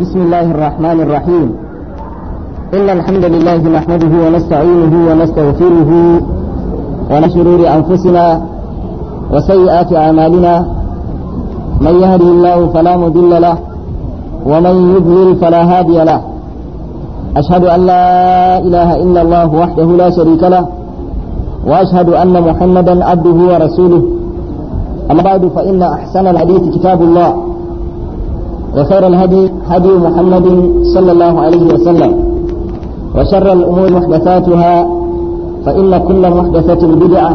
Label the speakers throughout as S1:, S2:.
S1: بسم الله الرحمن الرحيم إن الحمد لله نحمده ونستعينه ونستغفره ونشرور أنفسنا وسيئات أعمالنا من يهدي الله فلا مضل له ومن يضلل فلا هادي له أشهد أن لا إله إلا الله وحده لا شريك له وأشهد أن محمدا عبده ورسوله أما بعد فإن أحسن الحديث كتاب الله وخير الهدي هدي محمد صلى الله عليه وسلم وشر الأمور محدثاتها فإن كل محدثة بدعة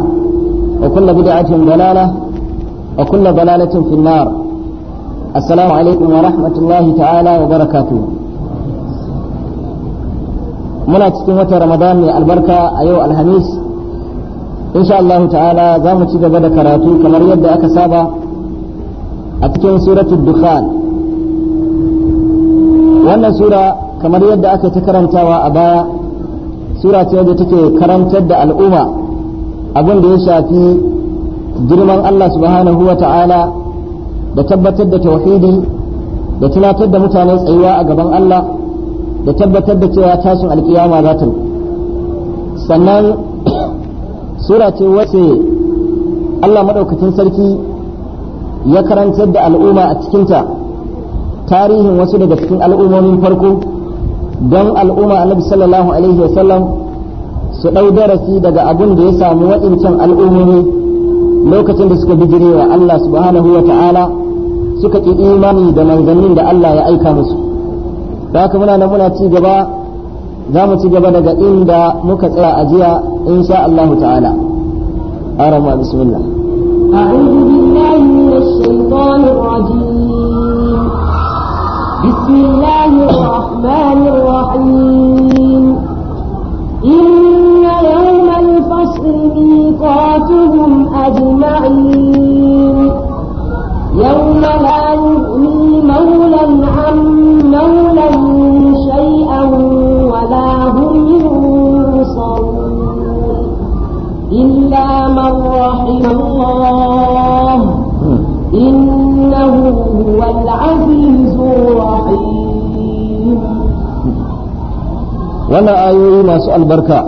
S1: وكل بدعة ضلالة وكل ضلالة في النار السلام عليكم ورحمة الله تعالى وبركاته muna cikin watan ramadan mai albarka a yau alhamis insha Allah ta'ala za mu ci gaba da karatu kamar yadda aka saba a cikin suratul dukhan wannan sura kamar yadda aka ta karantawa a baya sura ce wadda take karantar da al'umma abin da ya shafi girman Allah subhanahu wa ta'ala da tabbatar da tauhidi da tunatar da mutane tsayuwa a gaban Allah da tabbatar da cewa tashin alkiyama za ta sannan sura ce wace Allah maɗaukacin sarki ya karantar da al'umma a cikinta tarihin wasu daga cikin al'ummomin farko don al'umma annabi sallallahu alaihi wasallam su ɗau darasi daga abin da ya samu waɗancan al'ummomi lokacin da suka bijire wa Allah subhanahu wa ta'ala suka ƙi imani da manzannin da Allah ya aika musu da haka muna nan muna ci gaba za mu ci gaba daga inda muka tsaya a jiya insha Allah ta'ala arama bismillah
S2: أعوذ بالله من الشيطان الرجيم الرحمن الرحيم إن يوم الفصل ميقاتهم أجمعين يوم لا يغني مولى عن مولى شيئا ولا هم ينصرون إلا من رحم الله إنه هو العزيز الرحيم
S1: wannan ayoyi masu albarka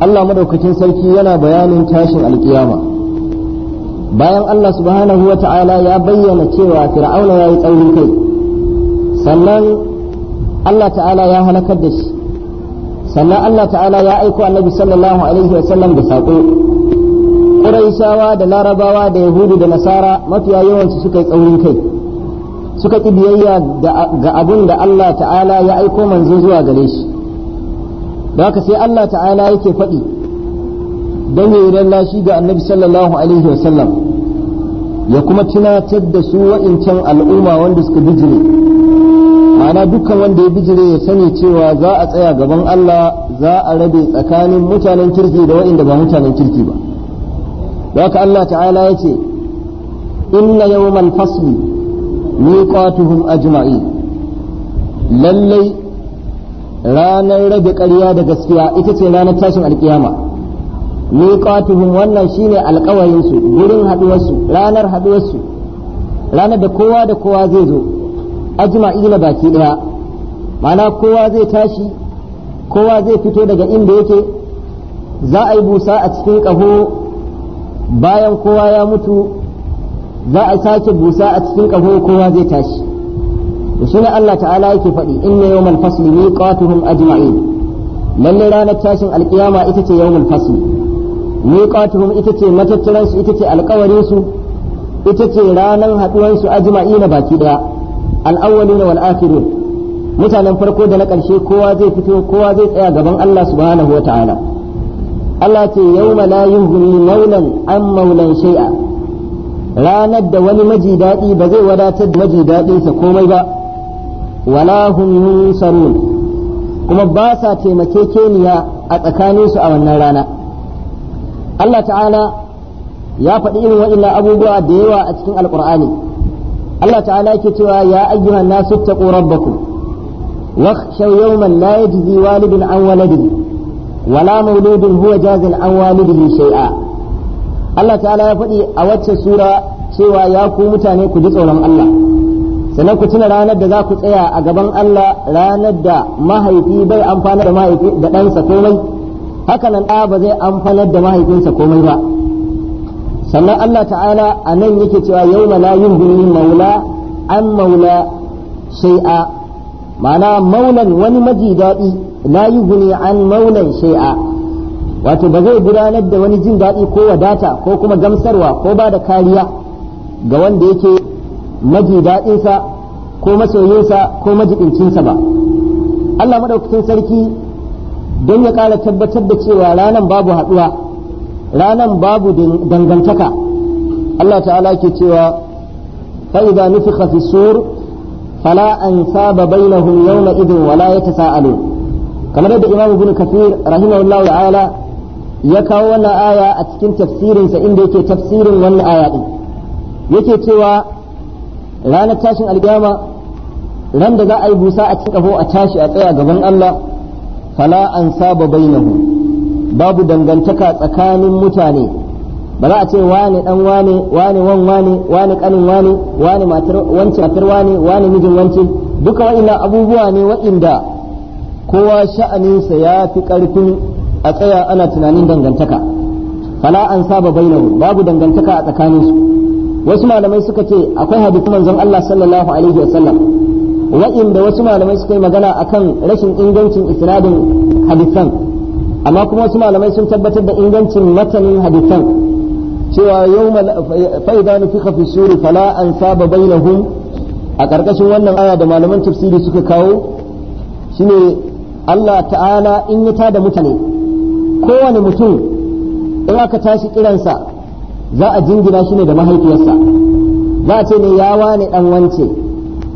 S1: Allah madaukakin sarki yana bayanin tashin alkiyama bayan Allah subhanahu wa ta'ala ya bayyana cewa fir'auna ya yi tsaurin kai sannan Allah ta'ala ya halakar da shi sannan Allah ta'ala ya aiko annabi sallallahu alaihi wa sallam da saƙo ƙuraishawa da larabawa da yahudu da nasara mafiya yawansu suka yi tsaurin kai suka ƙi ga abin da Allah ta'ala ya aiko manzo zuwa gare shi da haka sai Allah ta'ala yake faɗi don ya yi lallashi ga annabi sallallahu alaihi wasallam ya kuma tunatar da su wa'incan al'umma wanda suka bijire ma'ana dukkan wanda ya bijire ya sani cewa za a tsaya gaban Allah za a rabe tsakanin mutanen kirki da wa'inda ba mutanen kirki ba da haka Allah ta'ala ya ce inna yawmal fasli miqatuhum ajma'in lallai ranar rage ƙarya da gaskiya ita ce ranar tashin alkiyama miqatuhum wannan shine alƙawarin su gurin haduwar su ranar haduwar su ranar da kowa da kowa zai zo ajma'ina baki ɗaya ma'ana kowa zai tashi kowa zai fito daga inda yake za a yi busa a cikin ƙaho bayan kowa ya mutu za a sake busa a cikin ƙaho kowa zai tashi shi ne Allah ta'ala yake faɗi inna yawmal fasli miqatuhum ajma'in lalle ranar tashin alkiyama ita ce yawmal fasli miqatuhum ita ce matattaran su ita ce alƙawarin ita ce ranar haɗuwan su ajma'ina baki ɗaya al-awwalina wal akhirun mutanen farko da na ƙarshe kowa zai fito kowa zai tsaya gaban Allah subhanahu wa ta'ala Allah ce yawma la yughni maulan an maulan shay'a ranar da wani maji daɗi ba zai wadatar da maji daɗinsa komai ba wala hum yunsarun kuma ba sa taimakekeniya a tsakaninsu a wannan rana Allah ta'ala ya faɗi irin wailla abubuwa da yawa a cikin alƙur'ani Allah ta'ala yake cewa ya ayyuhan nasu taqu rabbakum واخشوا يوما لا يجزي والد عن ولده ولا مولود هو جاز عن والده شيئا Allah ta'ala ya faɗi a wacce sura cewa ya ku mutane ku ji tsoron Allah sannan ku tuna ranar da za ku tsaya a gaban Allah ranar da mahaifi bai amfana da mahaifi da ɗansa komai haka nan ɗa ba zai amfanar da mahaifinsa komai ba sannan Allah ta'ala a nan yake cewa yau la yuhuni maula an maula shai'a ma'ana maulan wani maji daɗi la guni an maulan shai'a wato ba zai gudanar da wani jin daɗi ko wadata ko kuma gamsarwa ko ba da kariya ga wanda yake maji daɗinsa ko masoyinsa ko majibincinsa ba Allah madaukakin sarki don ya ƙara tabbatar da cewa ranan babu haɗuwa ranan babu dangantaka Allah ta'ala ke cewa fa'iza nufikha fi sur fala saba bainahum yawma idin wala yatasaalu kamar yadda Imam Ibn kafir rahimahullahu ta'ala ya kawo wannan aya a cikin tafsirinsa inda yake tafsirin wannan aya din yake cewa ranar tashin alkiyama ran da za a yi busa a cikin kafo a tashi a tsaya gaban Allah fala an saba bainahu babu dangantaka tsakanin mutane ba za a ce wane dan wane wane wan wane wane kanin wane wane matar wance matar wane wane mijin wance duka wa'ina abubuwa ne wa'inda kowa sha'aninsa ya fi karfin a tsaya ana tunanin dangantaka fala an saba bainahu babu dangantaka a tsakaninsu wasu malamai suka ce akwai hadisin manzon Allah sallallahu alaihi wasallam wa'inda wasu malamai suka yi magana akan rashin ingancin isnadin hadisan amma kuma wasu malamai sun tabbatar da ingancin matanin hadisan cewa yau fa'ida nufika fi suri fala an saba bainahum a ƙarƙashin wannan aya da malaman tafsiri suka kawo shine Allah ta'ala in ya da mutane kowane mutum in aka tashi kiransa za a jingina shi ne da mahaifiyarsa za a ce ne ya wane dan wance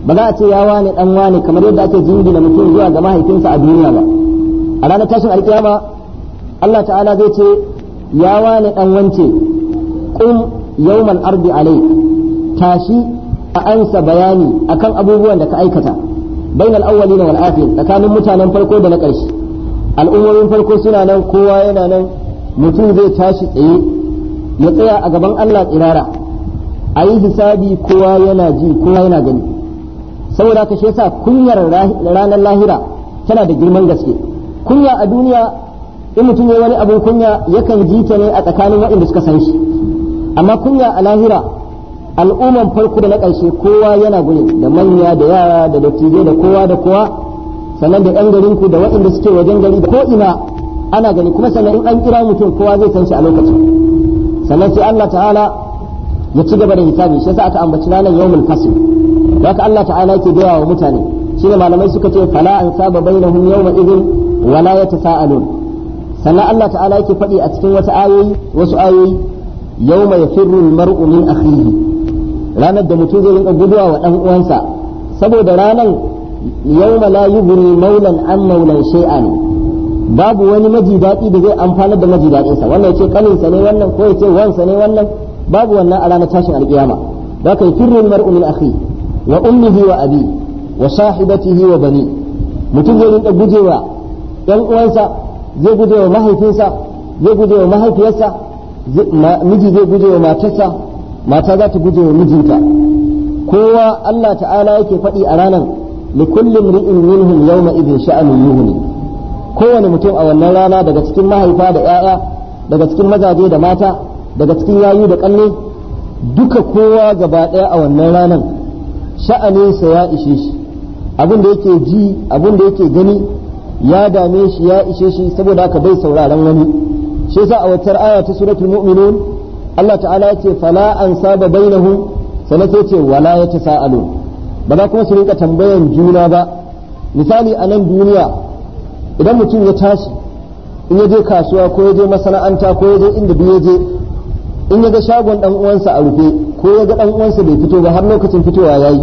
S1: ba za a ce ya wane dan wane kamar yadda ake jingina mutum zuwa ga mahaifinsa a duniya ba a ranar tashin alkiyama Allah ta'ala zai ce ya wane dan wance kum yawmal ardi alai tashi a ansa bayani akan abubuwan da ka aikata bainal awwalina wal akhirin tsakanin mutanen farko da na ƙarshe al'ummomin farko suna nan kowa yana nan mutum zai tashi tsaye ya tsaya a gaban Allah tsirara a yi hisabi kowa yana ji kowa yana gani saboda ka shesa kunyar ranar lahira tana da girman gaske kunya a duniya in mutum ya wani abin kunya yakan ji ta ne a tsakanin waɗanda suka san shi amma kunya a lahira al'umman farko da na ƙarshe kowa yana gudun da manya da yara da dattijai da kowa da kowa sannan da ɗan garin ku da waɗanda suke wajen gari da ko ina ana gani kuma sannan in an kira mutum kowa zai san shi a lokacin sannan sai Allah ta'ala ya ci gaba da hisabi shi yasa aka ambaci ranar yawmul fasl haka Allah ta'ala yake gaya wa mutane shine malamai suka ce fala an saba bainahum yawma idhin wala yatasaalun sannan Allah ta'ala yake faɗi a cikin wata ayoyi wasu ayoyi yawma yafirru al min akhihi ranar da mutum zai rinka guduwa wa dan uwansa saboda ranar yawma la yughni maulan an maulan shay'an babu wani maji daɗi da zai amfanar da maji daɗinsa wannan ya ce kaninsa ne wannan ko ya ce wansa ne wannan babu wannan a ranar tashin alƙiyama da yi firin mar'umin min akhi wa ummihi wa abi wa sahibatihi wa bani mutum zai rinka gujewa ɗan uwansa zai gujewa mahaifinsa zai gujewa mahaifiyarsa miji zai gujewa matarsa mata za ta gujewa mijinta kowa Allah ta'ala yake faɗi a ranar riin امرئ منهم يومئذ شأن يغني kowane mutum a wannan rana daga cikin mahaifa da 'ya'ya daga cikin mazaje da mata daga cikin yayu da kalle duka kowa gaba ɗaya a wannan ranar sha'aninsa ya ishe shi abin da yake ji abin da yake gani ya dame shi ya ishe shi saboda haka bai sauraron wani shi yasa a wacce aya ta suratul mu'minun Allah ta'ala ya ce fala an saba bainahu sanace sai ce wala ya sa'alu ba za kuma su rinka tambayan juna ba misali a nan duniya idan mutum ya tashi in ya je kasuwa ko ya je masana'anta ko ya je inda duk ya je in ya ga shagon dan uwansa a rufe ko ya ga dan uwansa bai fito ba har lokacin fitowa yayi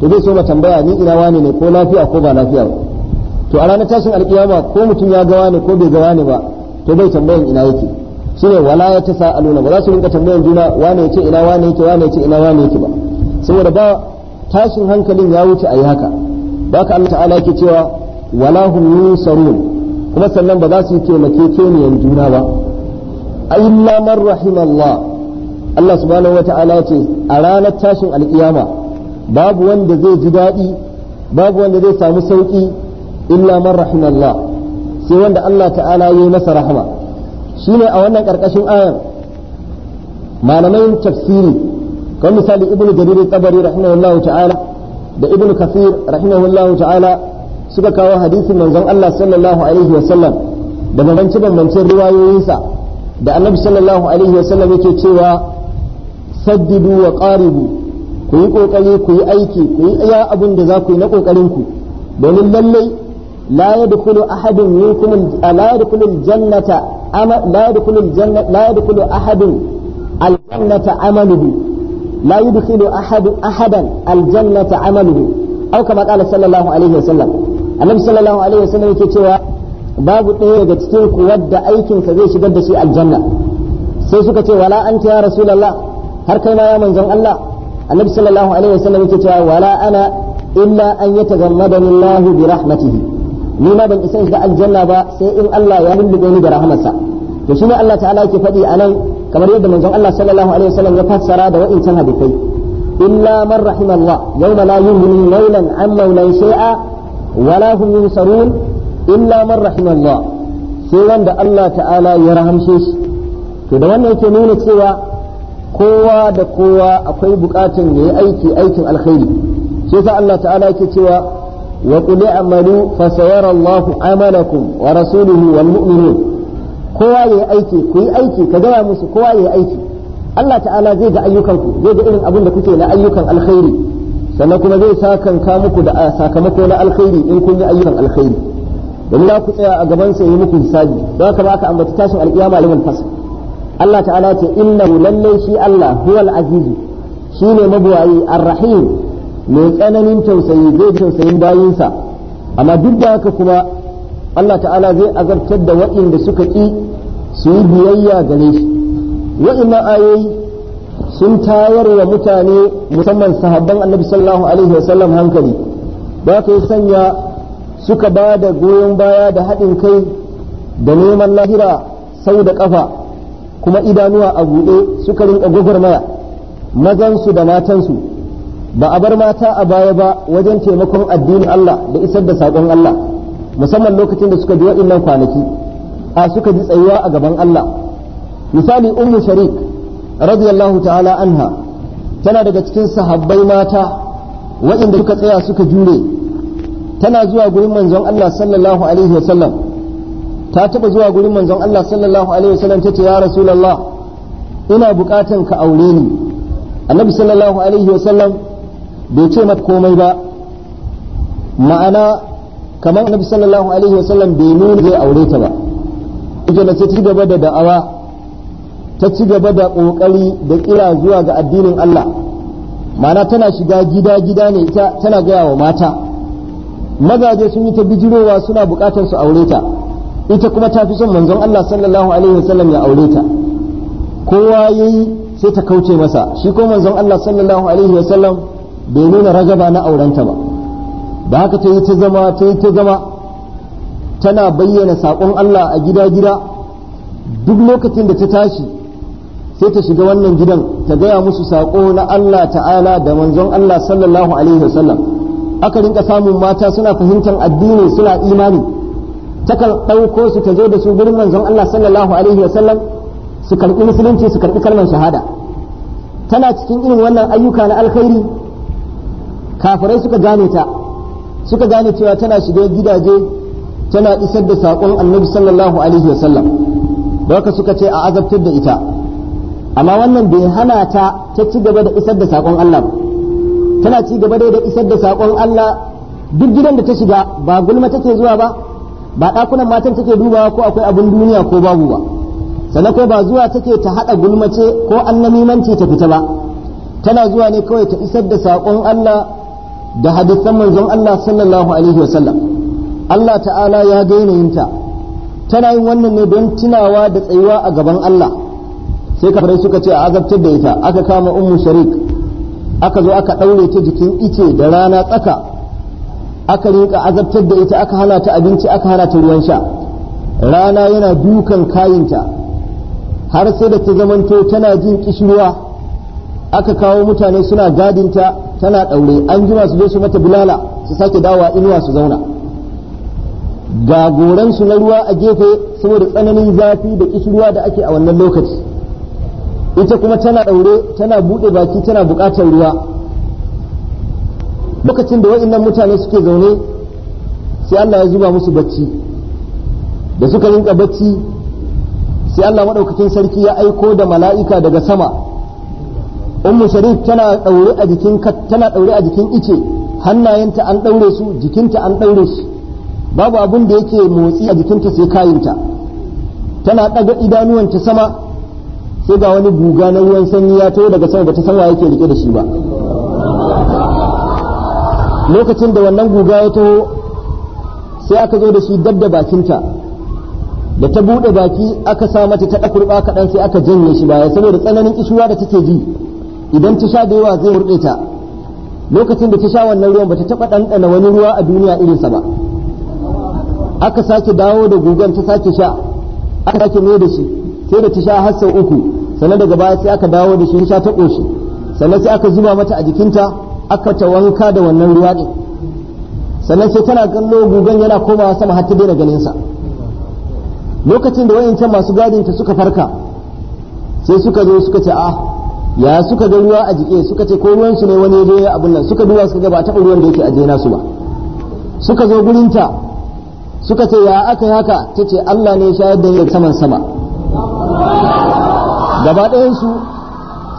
S1: to zai so ma tambaya ni ina wane ne ko lafiya ko ba lafiya ba to a ranar tashin alkiyama ko mutum ya ga wane ko bai ga wane ba to bai tambayan ina yake shine wala ya ta sa'aluna ba za su rinka tambayan juna wane yake ina wane yake wane yake ina wane yake ba saboda ba tashin hankalin ya wuce a yi haka baka Allah ta'ala yake cewa wala hum yunsarun kuma sannan ba za su yi keniyan juna ba illa man rahimallah Allah subhanahu wata'ala ce a ranar tashin alkiyama babu wanda zai ji daɗi babu wanda zai samu sauƙi illa man rahimallah sai wanda Allah ta'ala ya yi masa rahama shine a wannan ƙarƙashin ayar malamai tafsiri kan misali ibnu jarir tabari rahimahullahu ta'ala da ibnu kafir rahimahullahu ta'ala suka kawo hadisin manzon Allah sallallahu alaihi wasallam da bambance bambancin riwayoyinsa da annabi sallallahu alaihi wasallam yake cewa saddidu wa qaribu ku yi kokari ku yi aiki ku yi iya abin da za ku yi na kokarin ku domin lallai la yadkhulu ahadun minkum la yadkhulu aljannata ama la yadkhulu aljannata la yadkhulu ahadun aljannata amaluhu la yadkhulu ahadu ahadan aljannata amaluhu aw kama qala sallallahu alaihi wasallam annabi sallallahu alaihi wasallam yake cewa babu ɗaya daga cikin ku wadda aikin sa zai shigar da shi aljanna sai suka ce wala anta ya rasulullah har kai ma ya manzon Allah annabi sallallahu alaihi wasallam yake cewa wala ana illa an yatagammadani Allah bi rahmatihi ni ma ban isa shiga aljanna ba sai in Allah ya lullube ni da rahmarsa to shine Allah ta'ala yake faɗi anan kamar yadda manzon Allah sallallahu alaihi wasallam ya fassara da wa'incan hadisai illa man rahimallah yawma la yughni maulan an maulan shay'a wala hum yunsarun illa man rahimallah sai wanda Allah ta'ala ya rahamshe shi to da wannan yake nuna cewa kowa da kowa akwai bukatun yayi aiki aikin alkhairi shi yasa Allah ta'ala ake cewa wa qul a'malu fa sayara Allahu amalakum wa rasuluhu wal mu'minun kowa yayi aiki kuyi aiki ka gaya musu kowa yayi aiki Allah ta'ala zai ga ayyukan ku zai ga irin abin da kuke na ayyukan alkhairi sannan kuma zai kanka muku da sakamako na alkhairi in kun yi ayyukan alkhairi domin za ku tsaya a gaban sa yi muku hisabi don haka ba ka ambaci tashin alkiyama liman fasl Allah ta'ala ce inna lallai shi Allah huwal aziz shine mabuwayi arrahim mai tsananin tausayi zai tausayin bayinsa amma duk da haka kuma Allah ta'ala zai azabtar da waɗanda suka ƙi su yi biyayya gare shi wa'annan ayoyi sun tayar wa mutane musamman sahabban annabi sallallahu alaihi wasallam hankali da ka sanya suka ba da goyon baya da haɗin kai da neman lahira sau da ƙafa kuma idanuwa a buɗe suka rinka gwagwarmaya mazansu da matansu ba a bar mata a baya ba wajen taimakon addinin Allah da isar da saƙon Allah musamman lokacin da suka ji waɗannan kwanaki a suka ji tsayuwa a gaban Allah misali ummu sharik radiyallahu ta'ala anha tana daga cikin sahabbai mata waɗanda suka tsaya suka jure tana zuwa gurin manzon Allah sallallahu alaihi wasallam ta taba zuwa gurin manzon Allah sallallahu alaihi wasallam tace ya rasulullah ina bukatan ka aure ni annabi sallallahu alaihi wasallam bai ce mata komai ba ma'ana kamar annabi sallallahu alaihi wasallam bai nuna zai aure ta ba ita ce ci gaba da da'awa ta ci gaba da ƙoƙari da ƙira zuwa ga addinin Allah mana tana shiga gida gida ne ita tana gaya wa mata mazaje sun yi ta bijirowa suna buƙatar su aure ta ita kuma ta fi son manzon Allah sallallahu alaihi wasallam ya aure ta kowa yayi sai ta kauce masa shi ko manzon Allah sallallahu alaihi wasallam bai nuna ragaba na aurenta ba da haka ta yi ta zama ta yi ta zama tana bayyana saƙon Allah a gida gida duk lokacin da ta tashi sai ta shiga wannan gidan ta gaya musu saƙo na Allah ta'ala da manzon Allah sallallahu alaihi wasallam aka rinka samun mata suna fahimtar addini suna imani takan ɗauko su ta zo da su gurin manzon Allah sallallahu alaihi wasallam su karɓi musulunci su karɓi kalmar shahada tana cikin irin wannan ayyuka na alkhairi kafirai suka gane ta suka gane cewa tana shiga gidaje tana isar da saƙon annabi sallallahu alaihi wasallam da haka suka ce a azabtar da ita amma wannan bai hana ta ta ci gaba da isar da sakon Allah tana ci gaba da isar da sakon Allah duk gidan da ta shiga ba gulma take zuwa ba ba ɗakunan matan take dubawa ko akwai abin duniya ko babu ba sannan ko ba zuwa take ta haɗa gulmace ko annamimanci ta fita ba tana zuwa ne kawai ta isar da sakon Allah da hadisan manzon Allah sallallahu alaihi wasallam Allah ta'ala ya daina yinta tana yin wannan ne don tunawa da tsayuwa a gaban Allah sai kafirai suka ce a azabtar da ita aka kama ummu sharik aka zo aka ɗaure ta jikin ice da rana tsaka aka rinka azabtar da ita aka hana ta abinci aka hana ta ruwan sha rana yana dukan kayinta har sai da ta zamanto tana jin kishirwa aka kawo mutane suna gadinta tana daure an ji su zo su mata bulala su sake dawa inuwa su zauna ga goransu na ruwa a gefe saboda tsananin zafi da kishirwa da ake a wannan lokaci ita kuma tana daure tana bude baki tana bukatar ruwa lokacin da wa'annan mutane suke zaune sai Allah ya zuba musu bacci da suka rinka bacci sai Allah madaukakin sarki ya aiko da mala'ika daga sama ummu sharif tana daure a jikin tana daure a jikin ice hannayenta an daure su jikinta an daure su. babu abin da yake motsi a jikinta sai kayinta tana daga idanuwanta sama sai ga wani guga na ruwan sanyi ya taho daga sama bata san wa yake rike da shi ba lokacin da wannan guga ya taho sai aka zo da shi dadda bakinta da ta bude baki aka sa mata ta ɗakurɓa kaɗan sai aka janye shi baya saboda tsananin kishuwa da take ji idan ta sha da yawa zai murɗe ta lokacin da ta sha wannan ruwan ta taba ɗanɗana wani ruwa a duniya irin sa ba aka sake dawo da gugan ta sake sha aka sake mai da shi sai da ta sha har sau uku sannan daga baya sai aka dawo da shi sha ta ƙoshi sannan sai aka zuba mata a jikinta aka ta wanka da wannan ruwa din sannan sai tana kallo gugan yana komawa sama har ta daina ganin sa lokacin da wayancan masu gadin ta suka farka sai suka zo suka ce a ah, ya suka ga ruwa a jike suka ce ko ruwan su ne wani ya abun nan suka duba suka ga ba taɓa ruwan da yake a jena su ba suka zo gurin ta suka ce ya aka yi haka ta ce Allah ne ya shayar da ni saman sama gaba ɗayansu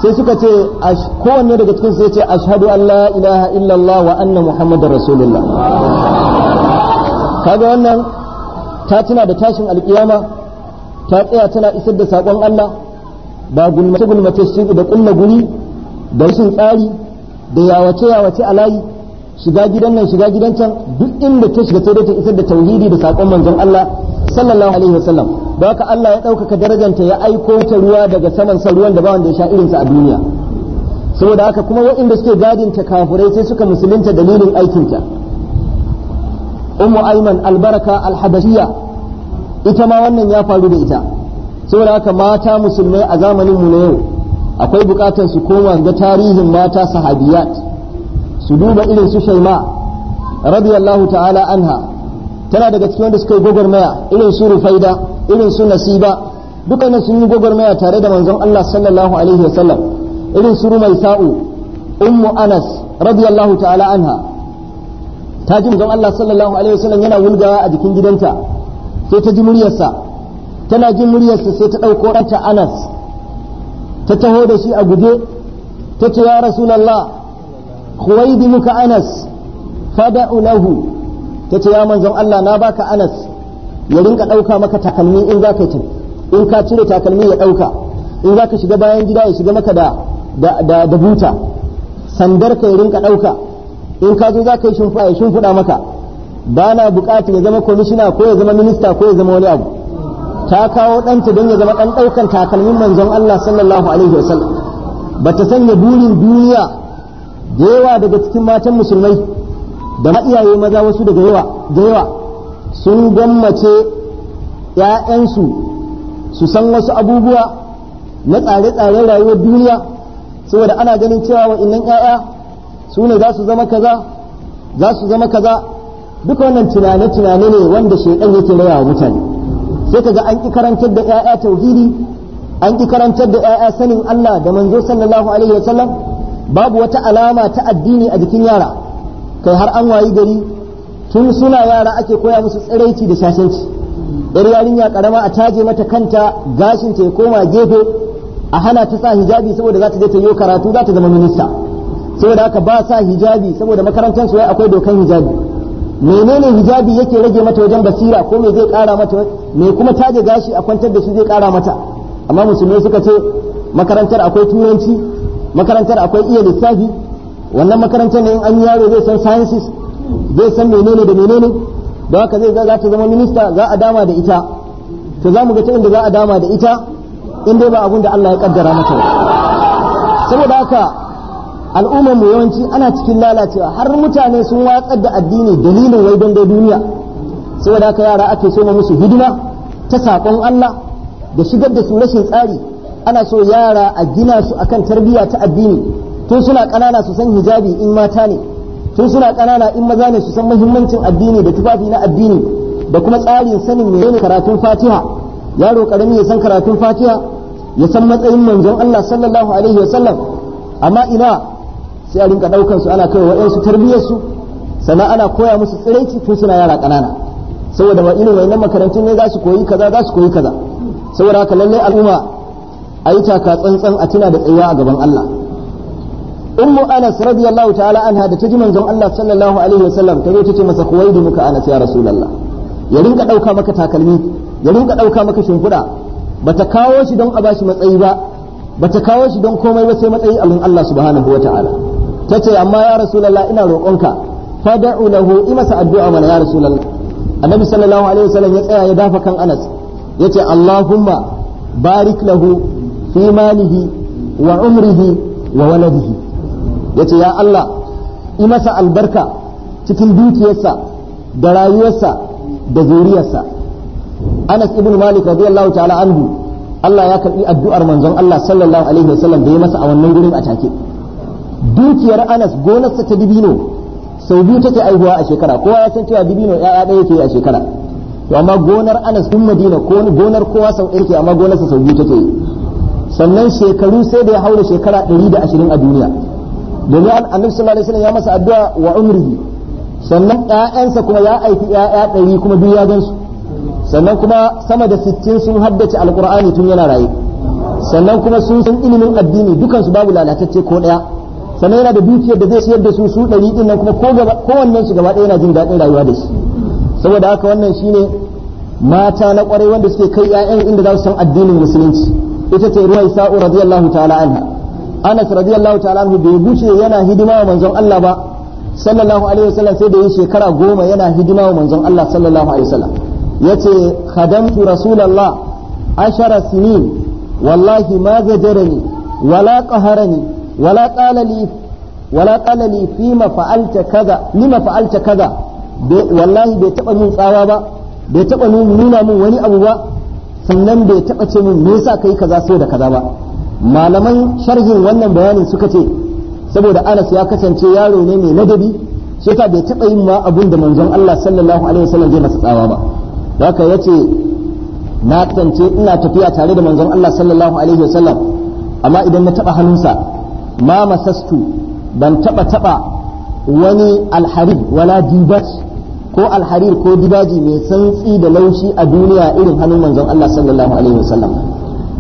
S1: sai suka ce kowanne daga cikin sai ce ashadu an la ilaha illallah wa anna muhammadar rasulullah kaga wannan ta tuna da tashin alƙiyama ta tsaya tana isar da sakon Allah ba gulmace gulmace shi da ƙulla guri da rashin tsari da yawace yawace a layi shiga gidan nan shiga gidan can duk inda ta shiga sai ta isar da tauhidi da sakon manzon Allah sallallahu alaihi wasallam da haka Allah ya ɗaukaka darajanta ya aiko ta ruwa daga saman sa ruwan da ba wanda ya sha irinsa a duniya saboda haka kuma waɗanda suke gadinta kafurai sai suka musulunta dalilin aikinta ummu ayman albaraka alhabashiya ita ma wannan ya faru da ita saboda haka mata musulmai a zamanin mu na yau akwai bukatar su koma ga tarihin mata sahabiyat su duba irin su shaima radiyallahu ta'ala anha tana daga cikin wanda suka yi gwagwarmaya irin su rufaida irin su nasiba dukkanin sun yi gwagwarmaya tare da manzon Allah sallallahu alaihi wasallam irin su rumai sa'u ummu anas radiyallahu ta'ala anha ta ji manzon Allah sallallahu alaihi wasallam yana wulgawa a jikin gidanta sai ta ji muryarsa tana jin muryarsa sai ta ɗauko ɗanta anas ta taho da shi a guje ta ce ya rasulallah khuwaidi muka anas fada'u lahu ta ce ya manzon Allah na baka anas ya rinka ɗauka maka takalmi in za ka in ka cire takalmi ya ɗauka in za ka shiga bayan gida ya shiga maka da da da buta sandar ka ya rinka ɗauka in ka zo za ka yi shimfiɗa ya shimfiɗa maka ba na buƙatar ya zama kwamishina ko ya zama minista ko ya zama wani abu ta kawo ɗanta don ya zama ɗan ɗaukan takalmin manzon Allah sallallahu alaihi wasallam ba ta sanya burin duniya da yawa daga cikin matan musulmai da ma iyaye maza wasu daga yawa da yawa sun gwammace ‘ya'yansu su san wasu abubuwa na tsare-tsaren rayuwar duniya saboda ana ganin cewa wa innan ‘ya'ya su ne za su zama kaza za su zama kaza duka wannan tunane-tunane ne wanda shaidan yake raya wa mutane sai kaga an ƙi karantar da ‘ya'ya tauhidi an ƙi karantar da ‘ya'ya sanin Allah da manzo sallallahu alaihi wasallam babu wata alama ta addini a jikin yara kai har an wayi gari tun suna yara ake koya musu tsiraici da shashanci yar yarinya karama a taje mata kanta gashin ta ya koma gefe a hana ta sa hijabi saboda za ta je ta yi karatu za ta zama minista saboda haka ba sa hijabi saboda makarantar su akwai dokan hijabi menene hijabi yake rage mata wajen basira ko me zai kara mata me kuma taje gashi a kwantar da shi zai kara mata amma musulmai suka ce makarantar akwai turanci makarantar akwai iya lissafi wannan makarantar ne in an yaro zai san sciences zai san menene da menene da haka zai za ta zama minista za a dama da ita to za mu ga ta inda za a dama da ita in dai ba abun da Allah ya kaddara mata saboda haka al'ummar mu yawanci ana cikin lalacewa har mutane sun watsar da addini dalilin wai don dai duniya saboda haka yara ake so musu hidima ta sakon Allah da shigar da su rashin tsari ana so yara a gina su akan tarbiyya ta addini tun suna ƙanana su san hijabi in mata ne tun suna ƙanana in maza ne su san muhimmancin addini da tufafi na addini da kuma tsarin sanin ne karatun fatiha yaro karami ya san karatun fatiha ya san matsayin manzon Allah sallallahu alaihi wa sallam amma ina sai a rinka ɗaukan su ana kai wa tarbiyyar su sannan ana koya musu tsiraici tun suna yara ƙanana saboda wa irin wayannan makarantun ne za su koyi kaza za su koyi kaza saboda haka lalle al'umma a yi taka tsantsan a tuna da tsayuwa a gaban Allah ummu anas radiyallahu ta'ala anha da ta ji manzon Allah sallallahu alaihi wasallam ta zo ta ce masa kuwaidu muka anas ya rasulullah ya rinka dauka maka takalmi ya rinka ɗauka maka shimfiɗa bata kawo shi don a bashi matsayi ba bata kawo shi don komai ba sai matsayi a Allah subhanahu wa ta'ala tace amma ya rasulullah ina roƙonka fad'u lahu imasa addu'a mana ya rasulullah annabi sallallahu alaihi wasallam ya tsaya ya dafa kan anas yace allahumma barik lahu fi malihi wa umrihi wa waladihi yace ya Allah yi masa albarka cikin dukiyarsa da rayuwarsa da zuriyarsa Anas ibn Malik radiyallahu ta'ala anhu Allah ya karbi addu'ar manzon Allah sallallahu alaihi wasallam da ya masa a wannan gurin a take dukiyar Anas gonarsa ta dibino sau biyu take aihuwa a shekara kowa ya san cewa dibino ya ɗaya yake a shekara to amma gonar Anas din Madina ko gonar kowa sau ɗaya ke amma gonarsa sau biyu take sannan shekaru sai da ya haura shekara 120 a duniya domin annabi sallallahu alaihi wasallam ya masa addu'a wa umrihi sannan ƴaƴansa kuma ya aiki ƴaƴa ɗari kuma duk ya gansu sannan kuma sama da sittin sun haddace alqur'ani tun yana raye sannan kuma sun san ilimin addini dukansu babu lalatacce ko ɗaya sannan yana da dukiyar da zai siyar da su su ɗari ɗin nan kuma kowannen su gaba ɗaya yana jin daɗin rayuwa da shi saboda haka wannan shine mata na ƙwarai wanda suke kai 'ya'yan inda za su san addinin musulunci ita ce ruwan radiyallahu ta'ala anha Anas radiyallahu ta'ala anhu bai guce yana hidima wa manzon Allah ba sallallahu alaihi wasallam sai da yi shekara goma yana hidima wa manzon Allah sallallahu alaihi wasallam yace khadamtu rasulullah ashara sinin wallahi ma gajarani wala qaharani wala qala li wala qala li fima fa'alta kaza lima fa'alta kaza wallahi bai taba min tsawa ba bai taba nuna min wani abu ba sannan bai taba ce min me yasa kai kaza sai da kaza ba malaman sharhin wannan bayanin suka ce saboda Anas ya kasance yaro ne mai ladabi shi ta bai taɓa yin ma abun da manzon Allah sallallahu alaihi wasallam zai masa tsawa ba haka yace na kasance ina tafiya tare da manzon Allah sallallahu alaihi wasallam amma idan na taɓa hannunsa ma masastu ban taɓa taɓa wani alharib wala dibat ko alharir ko dibaji mai santsi da laushi a duniya irin hannun manzon Allah sallallahu alaihi wasallam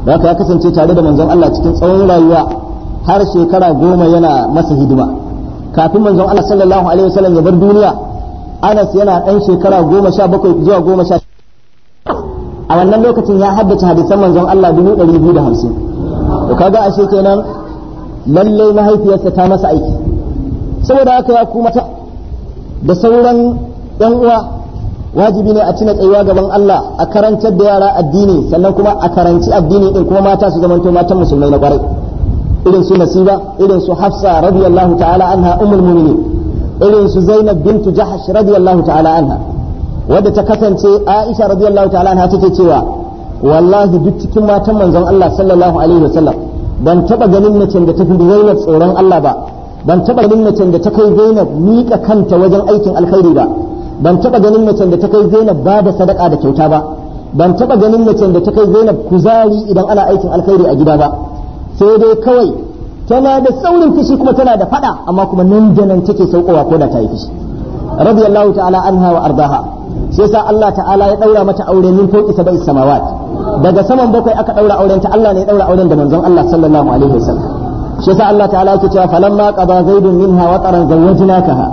S1: da haka ya kasance tare da manzon Allah cikin tsawon rayuwa har shekara goma yana masa hidima kafin manzon Allah sallallahu alaihi wasallam ya bar duniya Anas yana dan shekara goma sha bakwai zuwa goma sha a wannan lokacin ya haddace hadisan manzon Allah dubu ɗari biyu da hamsin to kaga ashe kenan lallai mahaifiyarsa ta masa aiki saboda haka ya kuma ta da sauran yan uwa wajibi ne a cina tsayuwa gaban Allah a karantar da yara addini sannan kuma a karanci addini din kuma mata su zamanto matan musulmai na kwarai irin su nasiba irin su hafsa radiyallahu ta'ala anha ummul mu'minin irin su zainab bintu jahash radiyallahu ta'ala anha wadda ta kasance aisha radiyallahu ta'ala anha take cewa wallahi duk cikin matan manzon Allah sallallahu alaihi wasallam ban taba ganin macen da ta fi zainab tsoron Allah ba ban taba ganin macen da ta kai zainab miƙa kanta wajen aikin alkhairi ba ban taba ganin macen da ta kai Zainab ba da sadaka da kyauta ba ban taba ganin macen da ta kai Zainab kuzari idan ana aikin alkhairi a gida ba sai dai kawai tana da saurin fushi kuma tana da fada amma kuma nan da nan take saukowa ko da ta yi fushi radiyallahu ta'ala anha wa ardaha sai sa Allah ta'ala ya daura mata aure min fawqi sab'i samawat daga saman bakwai aka daura auren ta Allah ne ya daura auren da manzon Allah sallallahu alaihi wasallam sai sa Allah ta'ala yake cewa falamma qada zaidun minha wa taran zawwajnakaha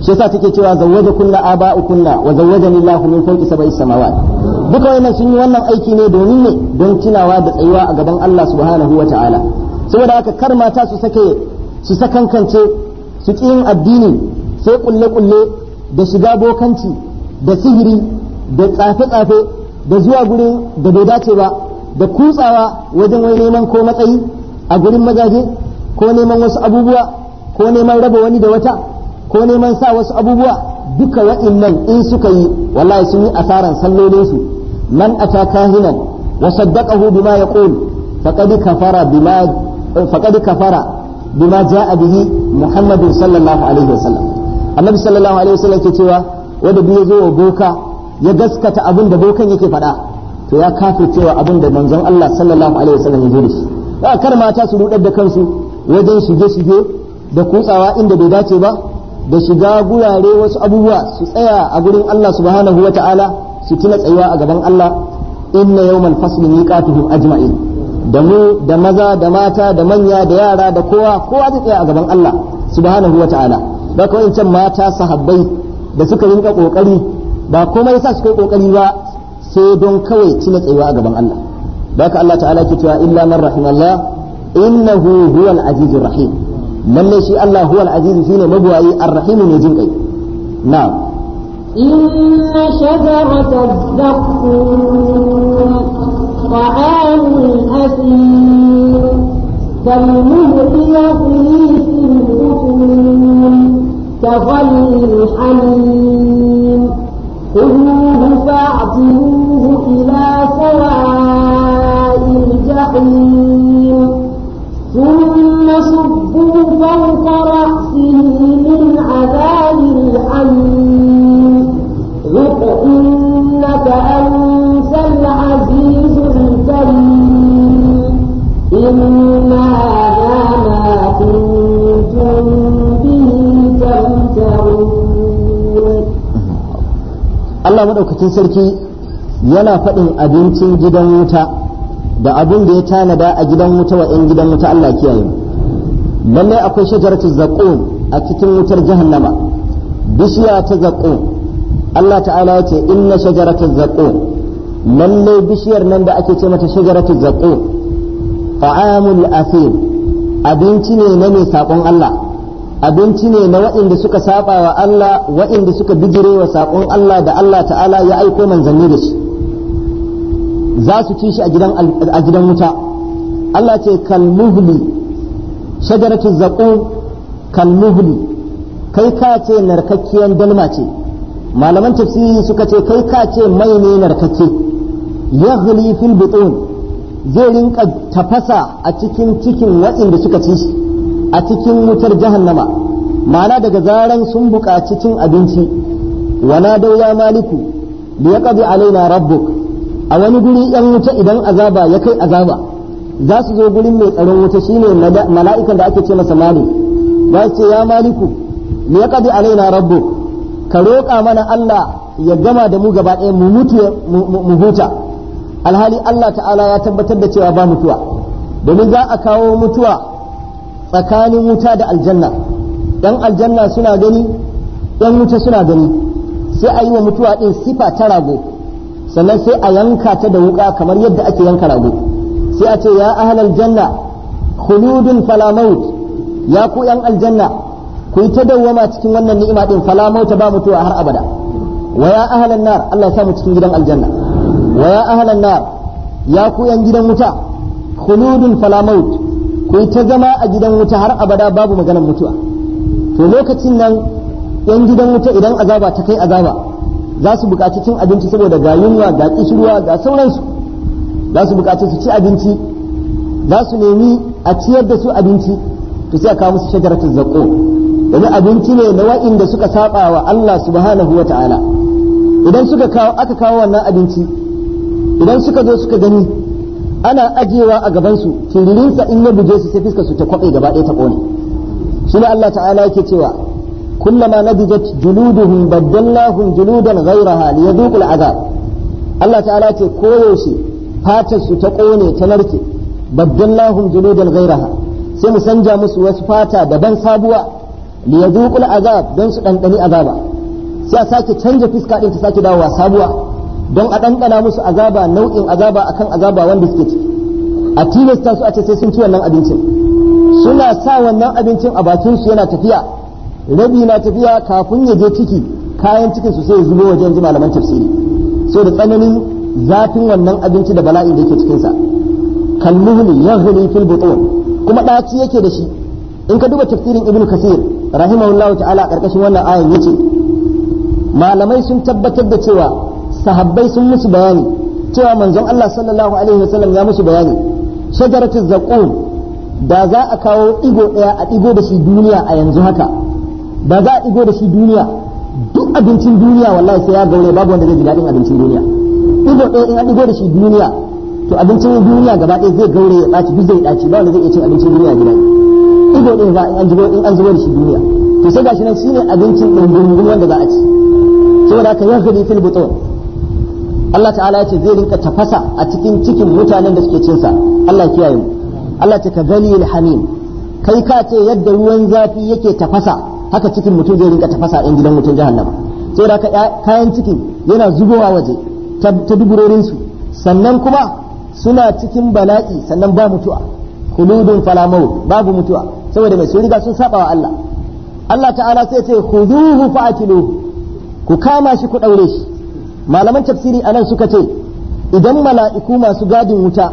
S1: shi yasa take cewa zawwaja kunna aba'u kunna wa zawwajani Allahu min fawqi sab'i samawat duka wannan sun yi wannan aiki ne domin ne don tunawa da tsayuwa a gaban Allah subhanahu wa ta'ala saboda haka kar mata su sake su sakankance su yin addini sai kulle kulle da shiga bokanci da sihiri da tsafe tsafe da zuwa gurin da bai dace ba da kutsawa wajen wai neman ko matsayi a gurin mazaje ko neman wasu abubuwa ko neman raba wani da wata ko neman sa wasu abubuwa duka waɗannan in suka yi wallahi sun yi asaran su man ata kahinan wa saddaqahu bima yaqul faqad kafara bima faqad kafara bima jaa bihi muhammadin sallallahu alaihi wasallam annabi sallallahu alaihi wasallam ke cewa wanda bai zo wa boka ya gaskata abin da bokan yake faɗa to ya cewa abin da manzon Allah sallallahu alaihi wasallam ya zo da shi kar mata su rudar da kansu wajen shige shige da kutsawa inda bai dace ba da shiga gurare wasu abubuwa su tsaya a gurin Allah subhanahu wa ta'ala su tuna tsayuwa a gaban Allah inna yawmal fasli miqatuhum ajma'in da mu da maza da mata da manya da yara da kowa kowa zai tsaya a gaban Allah subhanahu wa ta'ala da kawai can mata sahabbai da suka rinka kokari ba komai sa suka kai kokari ba sai don kawai tuna tsayuwa a gaban Allah da Allah ta'ala ke cewa illa man rahimallah innahu huwal azizur rahim lalle shi Allah huwal aziz shine mabuwayi arrahim ne jin kai na'am
S2: inna shajarata zaqqum ta'amul asim كالمهل يغلي في البطون كغلي الحميم خذوه فاعتلوه إلى سواء الجحيم عني ذق إنك أنت العزيز الكريم إنا هذا ما كنتم به تمترون
S1: الله مدعوكتين سركي yana faɗin abincin gidan wuta da abin da ya tanada a gidan wuta wa 'yan gidan wuta Allah kiyaye lallai akwai shajaratu zaƙo a cikin wutar jahannama bishiya ta zaƙo Allah ta'ala ya ce inna shajarata zaƙo lalle bishiyar nan da ake ce mata shajaratul zaƙo ta'amul asir abinci ne na mai saƙon Allah abinci ne na waɗanda suka saba wa Allah waɗanda suka bijire wa saƙon Allah da Allah ta'ala ya aiko manzanni da shi za su ci shi a gidan wuta Allah ce kalmuhli shajaratu zaƙo kalmuhli kai ka ce narkakkiyar dalma ce malaman tafsiri suka ce kai ka ce mai ne narkakke ya fil butun zai rinka tafasa a cikin cikin da suka ci shi a cikin wutar jahannama ma'ana daga zaran sun buƙaci cin abinci wana da ya maliku da ya ƙabi alaina rabbuk a wani guri yan wuta idan azaba ya kai azaba za su zo gurin mai tsaron wuta shine mala'ikan da ake ce masa malik za su ce ya maliku ya kadi alaina rabbu ka roƙa mana Allah ya gama da mu gaba ɗaya mu mutu mu huta alhali Allah ta'ala ya tabbatar da cewa ba mutuwa domin za a kawo mutuwa tsakanin wuta da aljanna dan aljanna suna gani dan wuta suna gani sai a yi wa mutuwa ɗin sifa ta rago sannan sai a yanka ta da wuka kamar yadda ake yanka rago sai a ce ya ahlal janna khuludun fala maut ya ku yan aljanna ku yi ta dawwama cikin wannan ni'ima din fala mauta ba mutuwa har abada wa ya ahlan nar Allah ya samu cikin gidan aljanna wa ya ahlan nar ya ku yan gidan wuta khuludun fala maut ku ta zama a gidan wuta har abada babu maganar mutuwa to lokacin nan yan gidan wuta idan azaba ta kai azaba za su buƙaci cin abinci saboda ga yunwa ga kishirwa ga sauransu za su buƙaci su ci abinci za su nemi a ciyar da su abinci to sai a kawo musu shajaratul zaƙo wani abinci ne na wa'inda suka saba wa Allah subhanahu wa ta'ala idan suka kawo aka kawo wannan abinci idan suka zo suka gani ana ajiyewa a gabansu tiririnsa in ya buje su sai fiska su ta kwaɓe gaba ɗaya ta ƙone shi ne Allah ta'ala yake cewa kullama nadijat juluduhum baddallahum juludan ghayraha liyaduqu azab Allah ta'ala ce koyaushe fatar su ta ƙone ta narke baddallahum juludan ghayraha sai mu sanja musu wasu fata daban sabuwa li yazuqul azab don su dandani azaba sai a sake canja fiska din ta sake dawowa sabuwa don a dandana musu azaba nau'in azaba akan azaba wanda suke ciki a tilasta su a ce sai sun ci wannan abincin suna sa wannan abincin a bakin su yana tafiya rabi na tafiya kafin ya je ciki kayan cikin su sai zubo wajen ji malaman tafsiri sai da tsananin zafin wannan abinci da bala'in da yake cikin sa kalmuhli yaghli fil butun kuma daci yake da shi in ka duba tafsirin ibnu kasir rahimahullahu ta'ala karkashin wannan ayan yace malamai sun tabbatar da cewa sahabbai sun musu bayani cewa manzon Allah sallallahu alaihi wasallam ya musu bayani shajaratul zaqum da za a kawo igo daya a igo da shi duniya a yanzu haka da za a igo da shi duniya duk abincin duniya wallahi sai ya gaure babu wanda zai ji dadin abincin duniya igo daya in an igo da shi duniya to abincin duniya gaba ɗaya zai gaure ya ɓaci duk zai ɗaci ba wanda zai iya cin abincin duniya gidan. ido din za an zubo in an zubo da shi duniya to sai gashi nan shine abincin dungurungun wanda za a ci saboda ka yaghri fil tsawon Allah ta'ala ya ce zai rinka tafasa a cikin cikin mutanen da suke cin sa Allah ya kiyaye mu Allah ta ka gani hamim kai ka ce yadda ruwan zafi yake tafasa haka cikin mutum zai rinka tafasa a gidan mutum jahannama saboda ka kayan cikin yana zubowa waje ta duburorin su sannan kuma suna cikin bala'i sannan ba mutuwa khuludun fala babu mutuwa saboda mai sun riga sun saba wa Allah Allah ta'ala sai ce khuduhu fa'tiluhu ku kama shi ku daure shi malaman tafsiri anan suka ce idan mala'iku masu gadin wuta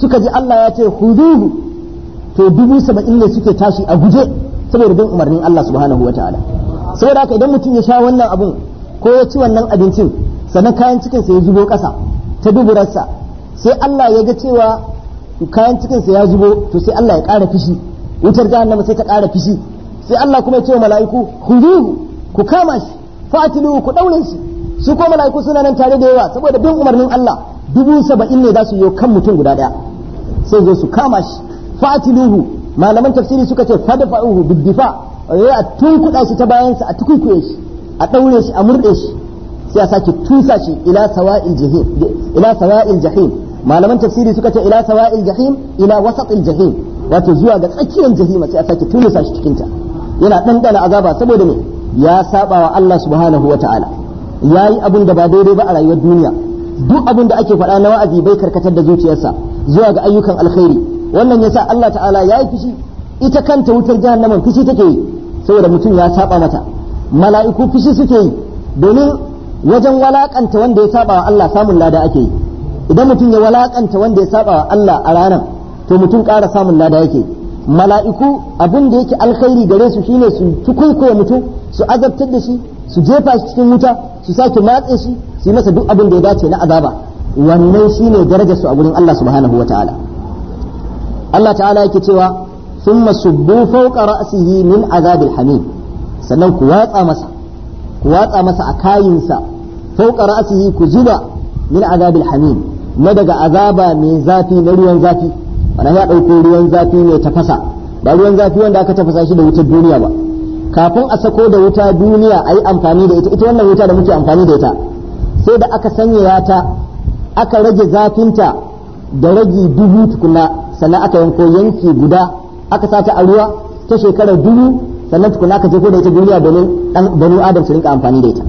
S1: suka ji Allah ya ce khuduhu to dubu saba'in ne suke tashi a guje saboda bin umarnin Allah subhanahu wataala saboda haka idan mutum ya sha wannan abun ko ya ci wannan abincin sannan kayan cikinsa ya zubo ƙasa ta duburarsa sai Allah ya ga cewa kayan cikinsa ya zubo to sai Allah ya ƙara fishi wutar jahannama sai ta ƙara fishi sai Allah kuma ya ce wa mala'iku khuduhu ku kama shi fatiluhu ku daure shi su ko mala'iku suna nan tare da yawa saboda bin umarnin Allah dubu saba'in ne za su yi kan mutum guda daya sai zo su kama shi fatiluhu malaman tafsiri suka ce fadfa'uhu biddifa ya eh, tunkuɗa shi ta bayan sa a tukukuye shi a daure shi a murɗe shi sai a sake tusa shi ila sawa'il jahim ila sawa'il jahim malaman tafsiri suka ce ila sawa'il jahim ila wasatil jahim wato zuwa ga tsakiyar jahima sai a sake tunisa shi cikin ta yana ɗanɗana azaba saboda me ya saba wa Allah subhanahu wata'ala yayi abun da ba daidai ba a rayuwar duniya duk abun da ake faɗa na wa'azi bai karkatar da zuciyarsa zuwa ga ayyukan alkhairi wannan yasa Allah ta'ala yayi fushi ita kanta wutar jahannaman fushi take yi saboda mutum ya saba mata mala'iku fushi suke yi domin wajen walakanta wanda ya saba wa Allah samun lada ake yi idan mutum ya walakanta wanda ya saba wa Allah a ranar to mutum ƙara samun lada yake mala'iku abin da yake alkhairi gare su shine su tukuikuya mutum su azabtar da shi su jefa shi cikin wuta su sake matse shi su yi masa duk abin da ya dace na azaba wannan shine darajar su a gurin Allah subhanahu wataala Allah ta'ala yake cewa thumma subbu fawqa ra'sihi min azabil hamim sannan ku watsa masa ku watsa masa a kayinsa fawqa ra'sihi ku zuba min azabil hamim na daga azaba mai zafi na ruwan zafi wanda ya ɗauko ruwan zafi mai tafasa ba ruwan zafi wanda aka tafasa shi da wutar duniya ba kafin a sako da wuta duniya a yi amfani da ita ita wannan wuta da muke amfani da ita sai da aka sanyaya ta aka rage zafinta da rage dubu tukuna sannan aka yanko yanki guda aka sata a ruwa ta shekarar dubu sannan tukuna aka jefo da ita duniya domin dan adam su rinka amfani da ita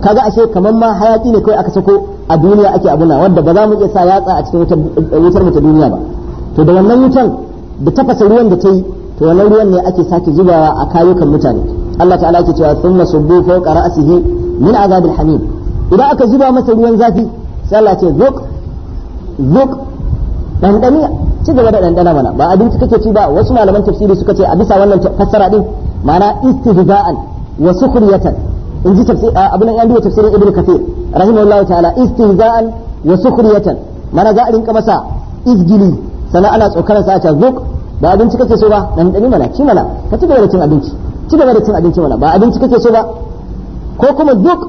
S1: kaga ashe kamar ma hayaki ne kawai aka sako a duniya ake abuna wanda ba za mu iya sa yatsa a cikin wutar mu ta duniya ba to da wannan wutan da tafasa ruwan da ta yi to wannan ruwan ne ake sake zubawa a kayukan mutane Allah ta'ala ke cewa thumma subbu fawqa ra'sihi min azabil hamim idan aka zuba masa ruwan zafi sai Allah ce zuk zuk dandani ci gaba da dandana mana ba abinci kake ci ba wasu malaman tafsiri suka ce a bisa wannan fassara din ma'ana istihza'an wa sukhriyatan in ji tafsir abin an duba tafsirin ibnu kathir rahimahullahu ta'ala istihza'an wa sukhriyatan mana za a rinka masa izgili sannan ana tsokarar sa a ce zuk ba abinci kake so ba dan dani mana ci mana ka ci gaba da cin abinci ci gaba da cin abinci mana ba abinci kake so ba ko kuma zuk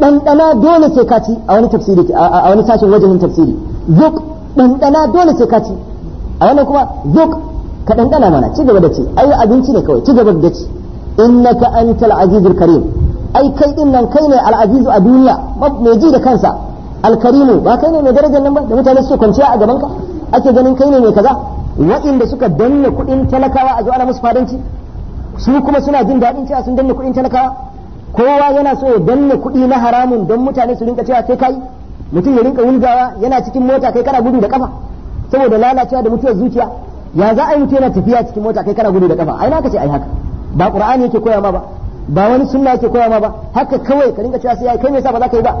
S1: ɗanɗana dole sai ka ci a wani tafsiri a wani sashen wajen tafsiri zuk ɗanɗana dole sai ka ci a wannan kuma zuk ka ɗanɗana mana ci gaba da ci ai abinci ne kawai ci gaba da ci innaka antal azizul karim ai kai din nan kai ne al'azizu a duniya mai ji da kansa alkarimu ba kai ne mai darajar nan ba da mutane suke kwanciya a gaban ka ake ganin kai ne mai kaza waɗanda suka danna kuɗin talakawa a zo ana musu fadanci su kuma suna jin daɗin cewa sun danna kuɗin talakawa kowa yana so ya danna kuɗi na haramun don mutane su rinka cewa sai kai mutum ya rinka wulgawa yana cikin mota kai kana gudu da kafa saboda lalacewa da mutuwar zuciya ya za a yi mutum yana tafiya cikin mota kai kana gudu da kafa ai ka ce ai haka ba ƙurani yake koya ma ba ba wani sunna yake koya ma ba haka kawai ka dinga cewa sai yayi kai me yasa ba za ka yi ba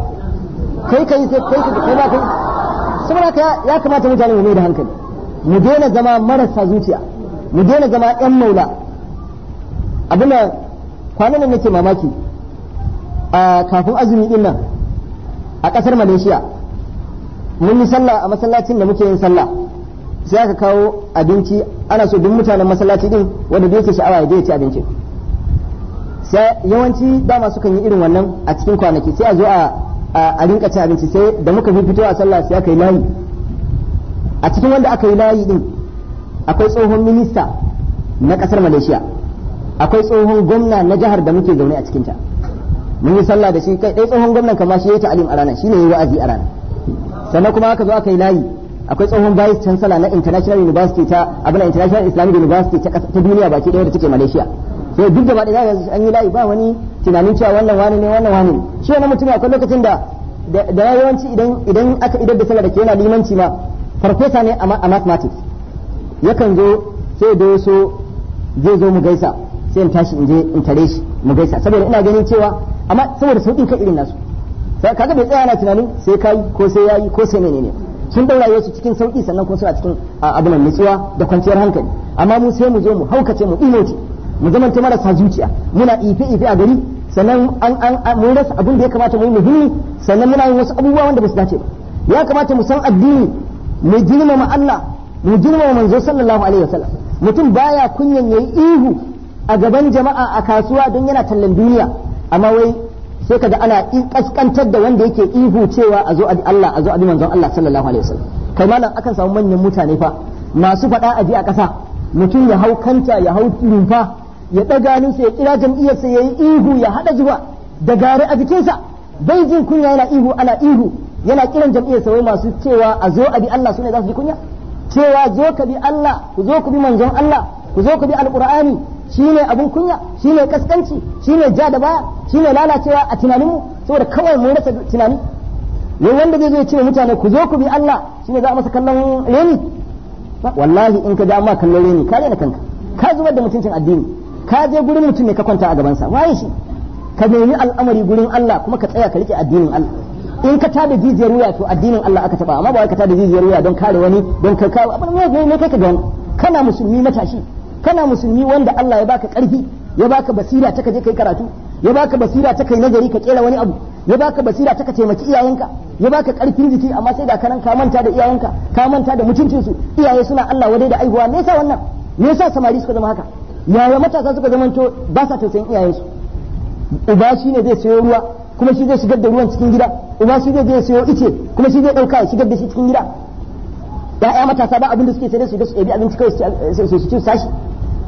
S1: kai kai kai kai ba kai saboda haka ya kamata mutane mu mai da hankali mu daina zama marasa zuciya mu daina zama yan maula abin da kwanan nan nake mamaki a kafin azumi din nan a kasar Malaysia mun yi sallah a masallacin da muke yin sallah sai aka kawo abinci ana so duk mutanen masallaci din wanda da yake sha'awa ya je ya ci abincin sai yawanci dama sukan yi irin wannan a cikin kwanaki sai a zo a a rinka ci abinci sai da muka fi fito a sallah sai aka yi layi a cikin wanda aka yi layi din akwai tsohon minista na kasar malaysia akwai tsohon gwamna na jihar da muke zaune a cikinta mun yi sallah da shi kai dai tsohon gwamnan kama shi yayi ta'alim a rana shi ya yayi wa'azi a rana sannan kuma aka zo aka yi layi akwai tsohon vice chancellor na international university ta abin international islamic university ta duniya baki ɗaya da take malaysia ne duk ba da za an yi layi ba wani tunanin cewa wannan wani ne wannan wani ne shi wani mutum akwai lokacin da da yawanci idan idan aka idar da sallah da ke yana limanci ma farfesa ne a mathematics yakan zo sai da yaso zai zo mu gaisa sai in tashi in je in tare shi mu gaisa saboda ina ganin cewa amma saboda sauƙin kai irin nasu sai kaga bai tsaya yana tunanin sai kai ko sai yayi ko sai menene sun daura yesu cikin sauki sannan kuma suna cikin abin nutsuwa da kwanciyar hankali amma mu sai mu zo mu haukace mu imoce mu ta marasa zuciya muna ife ife a gari sannan an an mun rasa abin da ya kamata mu yi muhimmi sannan muna yin wasu abubuwa wanda ba su dace ba ya kamata mu san addini mu girmama Allah mu girmama manzo sallallahu alaihi wasallam mutum baya kunyan yayi ihu a gaban jama'a a kasuwa don yana tallan duniya amma wai sai kaga ana kaskantar da wanda yake ihu cewa a zo a Allah a zo a manzon Allah sallallahu alaihi wasallam kai malam akan samu manyan mutane fa masu faɗa aji a ƙasa mutum ya hau kanta ya hau rumfa ya ɗaga hannunsa ya kira jam'iyyarsa ya yi ihu ya haɗa zuwa da gare a jikinsa bai jin kunya yana ihu ana ihu yana kiran jam'iyyarsa wai masu cewa a zo a bi Allah sune za su ji kunya cewa zo ka bi Allah ku zo ku bi manzon Allah ku zo ku bi alqur'ani shine abun kunya shine kaskanci shine ja da baya shine lalacewa a tunaninmu saboda kawai mun rasa tunani ne wanda zai zo ce mutane ku zo ku bi Allah shine za a masa kallon reni wallahi in ka ja ma kallon reni ka daina kanka ka zubar da mutuncin addini ka je gurin mutum ne ka kwanta a gabansa waye shi ka nemi al'amari gurin Allah kuma ka tsaya ka rike addinin Allah in ka tada jijiyar wuya to addinin Allah aka taba amma ba wai ka tada jijiyar wuya don kare wani don ka kawo abin ne ne kai ka ga kana musulmi matashi kana musulmi wanda Allah ya baka karfi ya baka basira ta kaje kai karatu ya baka basira ta kai nazari ka kera wani abu ya baka basira ta ka taimaki iyayenka ya baka karfin jiki amma sai da kanan ka manta da iyayenka ka manta da mutuncinsu iyaye suna Allah wadai da aihuwa me yasa wannan me yasa samari suka zama haka yaya matasa suka to ba sa tausayin su uba shi ne zai sayo ruwa kuma shi zai shigar da ruwan cikin gida uba shi ne zai sayo ice kuma shi zai ɗauka ya shigar da shi cikin gida ya'ya matasa ba abin da suke sai su ga su ɗebi abinci kawai su ci sashi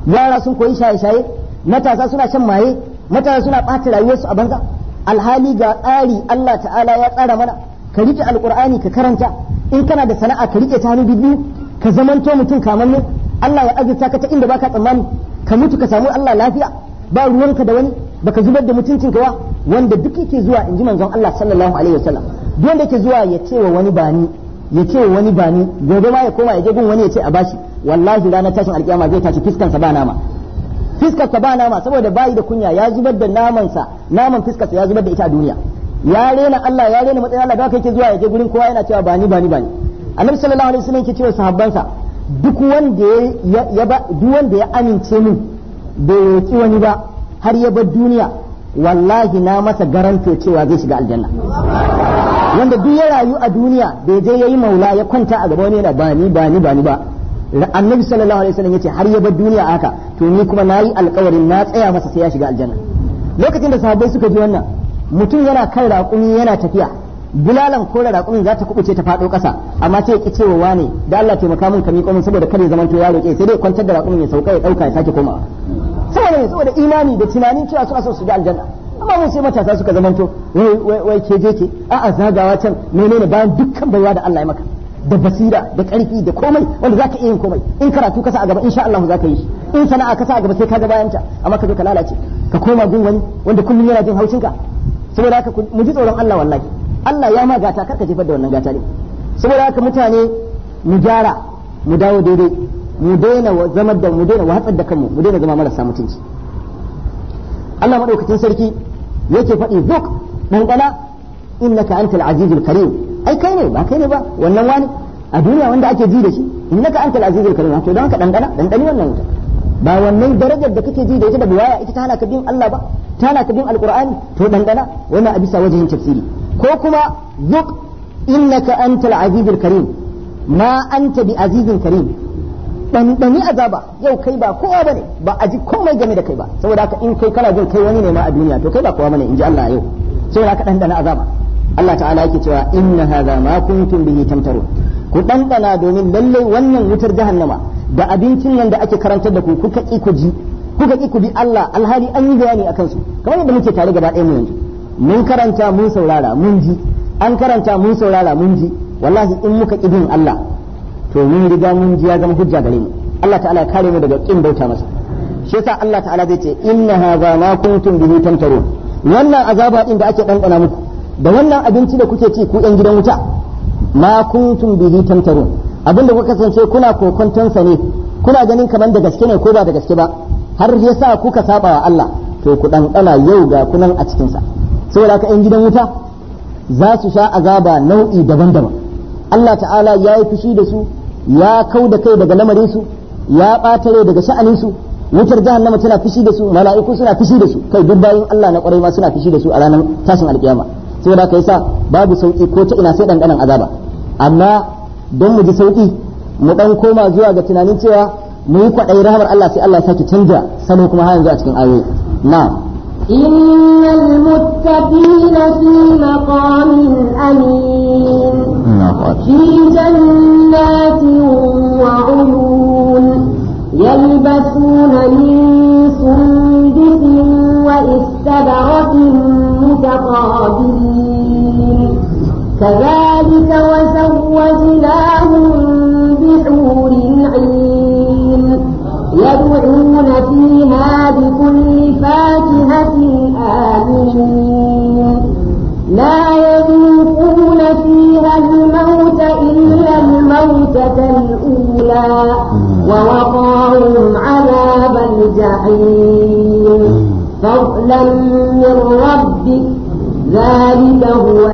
S1: yara sun koyi shaye-shaye matasa suna shan maye matasa suna ɓata rayuwarsu a banza alhali ga tsari Allah ta'ala ya tsara mana ka rike alkur'ani ka karanta in kana da sana'a ka rike ta hannu biyu ka zamanto mutum mu Allah ya azurta ka ta inda baka tsammani ka mutu ka samu Allah lafiya ba ruwanka da wani baka zubar da mutuncinka ba wanda duk yake zuwa ji manzon Allah sallallahu alaihi wasallam duk wanda yake zuwa ya ce wa wani bani ya ce wa wani bani gobe ma ya koma ya je gun wani ya ce a bashi wallahi ranar tashin alkiyama zai tashi fiskansa ba nama fiskarsa ba nama saboda bayi da kunya ya zubar da namansa naman fiskarsa ya zubar da ita a duniya ya rena Allah ya rena matsayin Allah da kake zuwa ya je gurin kowa yana cewa bani bani bani annabi sallallahu alaihi wasallam yake cewa sahabbansa duk wanda ya duk wanda ya amince min bai yaki wani ba har ya bar duniya wallahi na masa garanto cewa zai shiga aljanna wanda duk ya rayu a duniya bai je yayi maula ya kwanta a gaba wani yana ba ni ba ni ba ni ba annabi sallallahu alaihi wasallam yace har ya bar duniya haka to ni kuma nayi alƙawarin na tsaya masa sai ya shiga aljanna lokacin da sahabbai suka ji wannan mutum yana kan raƙumi yana tafiya bulalan kore raƙumin za ta kubuce ta faɗo ƙasa amma sai ki cewa wane da Allah taimaka mun ka miƙo min saboda kada ya zamanto ya roƙe sai dai kwantar da raƙumin ya sauka ya ɗauka ya sake komawa saboda ne saboda imani da tunanin cewa suna so su ga aljanna amma mun sai matasa suka to wai wai ke je ke a zagawa can menene bayan dukkan baiwa da Allah ya maka da basira da ƙarfi da komai wanda zaka iya yin komai in karatu kasa a gaba insha Allah zaka yi in sana'a kasa a gaba sai ka ga bayanta amma ka zo ka lalace ka koma gun wani wanda kullum yana jin haushinka saboda haka mu ji tsoron Allah wallahi Allah ya ma gata karka jefar da wannan gata ne saboda haka mutane mu gyara mu dawo daidai mu daina zama da mu daina watsar da kanmu mu daina zama marasa mutunci Allah madaukakin sarki yake faɗi zuk dangana innaka antal azizul karim ai kai ne ba kai ne ba wannan wani a duniya wanda ake ji da shi innaka antal azizul karim to don haka dangana dangane wannan wuta ba wannan darajar da kake ji da ita da buwaya ita ta halaka bin Allah ba ta halaka bin alqur'ani to dangana wannan abisa wajen tafsiri ko kuma zuk innaka antal azizul karim ma anta bi azizin karim ɗanɗani azaba yau kai ba kowa bane ba a ji komai game da kai ba saboda haka in kai kana jin kai wani ne ma a duniya to kai ba kowa bane in ji Allah yau saboda haka ɗanɗana azaba Allah ta'ala yake cewa inna hadha ma kuntum bihi tamtarun ku ɗanɗana domin lallai wannan wutar jahannama da abincin nan da ake karantar da ku kuka ki ku ji kuka ki ku bi Allah alhali an yi bayani akan su kamar yadda muke tare gaba ɗaya mu yanzu mun karanta mun saurara mun ji an karanta mun saurara mun ji wallahi in muka kidin Allah to mun riga mun ji ya zama hujja gare mu Allah ta'ala ya kare mu daga kin bauta masa shi yasa Allah ta'ala zai ce inna hadha ma kuntum bihi tamtarun wannan azaba din da ake ɗanɗana muku da wannan abinci da kuke ci ku yan gidan wuta ma kuntum bihi tamtarun abinda kuka kasance kuna kokonton sa ne kuna ganin kamar da gaske ne ko ba da gaske ba har yasa kuka saba wa Allah to ku ɗanɗana yau ga kunan a cikin sa saboda haka yan gidan wuta za su sha azaba nau'i daban-daban Allah ta'ala ya yi fushi da su ya kau da kai daga lamarin su ya ɓatare daga sha'anin su wutar jahannama tana fushi da su mala'iku suna fushi da su kai duk bayan Allah na kwarai ma suna fushi da su a ranar tashin alkiyama saboda haka sa babu sauki ko ta ina sai dandanan azaba amma don mu ji sauki mu dan koma zuwa ga tunanin cewa mu yi kwaɗayi rahamar Allah sai Allah ya sake canja salo kuma har yanzu a cikin ayoyi na'am
S2: المتقين في مقام أمين في جنات وعيون يلبسون من سندس وإستبرق متقابلين كذلك وزوجناهم من ربك ذلك هو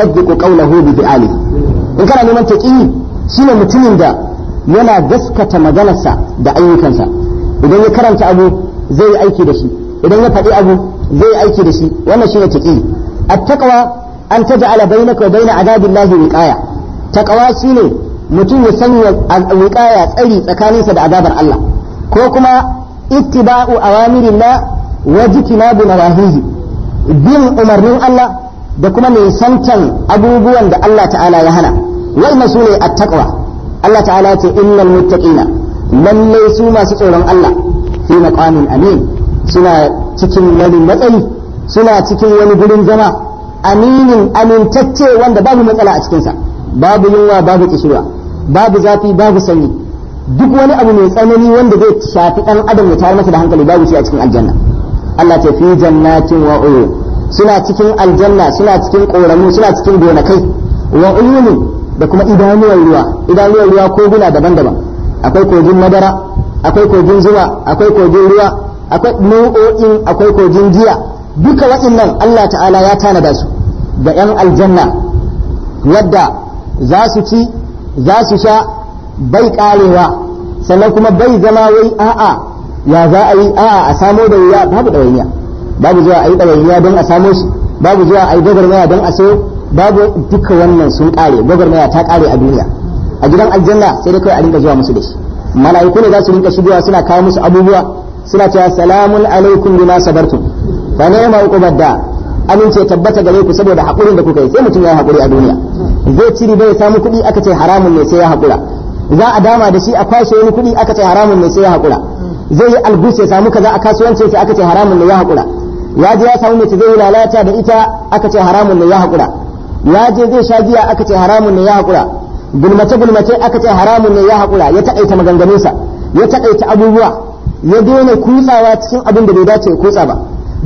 S1: saddiqu qawlahu bi fi'alihi in kana neman taqi shine mutumin da yana gaskata maganarsa da ayyukansa idan ya karanta abu zai yi aiki da shi idan ya faɗi abu zai yi aiki da shi wannan shine taqi at-taqwa an taj'ala bainaka wa baina adabillahi wiqaya taqwa shine mutum ya sanya wiqaya tsari tsakaninsa da azabar Allah ko kuma ittiba'u awamirillah wa jitinabu nawahihi bin umarnin Allah da kuma nisantan abubuwan da Allah ta'ala ya hana wai sune ne attaqwa Allah ta'ala ce innal muttaqina lalle su masu tsoron Allah fi maqamin amin suna cikin wani matsayi suna cikin wani gurin zama aminin amintacce wanda babu matsala a cikinsa babu yunwa babu kishirwa babu zafi babu sanyi duk wani abu mai tsanani wanda zai shafi dan adam ya tara masa da hankali babu shi a cikin aljanna Allah ta fi jannatin wa suna cikin aljanna suna cikin ƙoramu suna cikin gonakai wa uyunin da kuma idanuwar ruwa idanuwar ruwa koguna daban-daban akwai kogin madara akwai kogin zuwa akwai kogin ruwa akwai nau'o'in akwai kogin giya duka waɗannan Allah ta'ala ya tanada su ga 'yan aljanna wadda za su ci za su sha bai karewa sannan kuma bai zama wai a'a ya za a yi a'a a samo da wuya babu ɗawainiya babu zuwa a yi don a samo su babu zuwa a yi gwagwarmaya don a sayo babu duka wannan sun ƙare gwagwarmaya ta ƙare a duniya a gidan aljanna sai dai kawai a rinka zuwa musu da shi mala'iku ne za su rinka shigowa suna kawo musu abubuwa suna cewa salamun alaikum bima sabartum fa ni'ma uqbad da amince tabbata gare ku saboda hakurin da kuka yi sai mutum ya hakuri a duniya zai ciri bai samu kuɗi aka ce haramun ne sai ya hakura za a dama da shi a kwashe wani kuɗi aka ce haramun ne sai ya hakura zai yi albus ya samu kaza a kasuwanci sai aka ce haramun ne ya hakura ya je ya samu mace zai lalata da ita aka ce haramun ne ya haƙura ya zai sha giya aka ce haramun ne ya haƙura gulmace gulmace aka ce haramun ne ya haƙura ya taƙaita maganganunsa ya taƙaita abubuwa ya daina kutsawa cikin abin da bai dace ya kutsa ba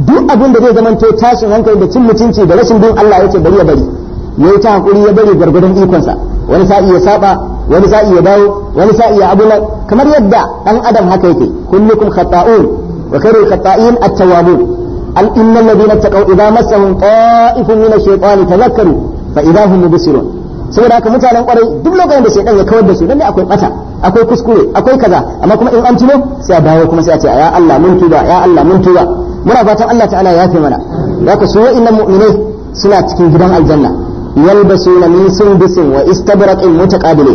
S1: duk abin da zai zamanto tashin hankali da cin mutunci da rashin bin Allah ce bari ya bari ya yi ta hakuri ya bari gargadon ikonsa wani sa'i ya saba wani sa'i ya dawo wani sa'i ya abu kamar yadda dan adam haka yake kullukum khata'un wa khairul khata'in at-tawwabun إن الذين اتقوا إذا مسهم طائف من الشيطان تذكروا فإذا هم مبصرون saboda haka mutanen kwarai duk lokacin da shaidan ya kawar da su dan akwai bata akwai kuskure akwai kaza amma kuma in an tuno sai a dawo kuma sai a ce ya Allah mun tuba ya Allah mun tuba muna fatan Allah ta'ala yafe mana zaka su wa'annan mu'minai suna cikin gidan aljanna yalbasuna min sundusin wa istabraqin mutaqabili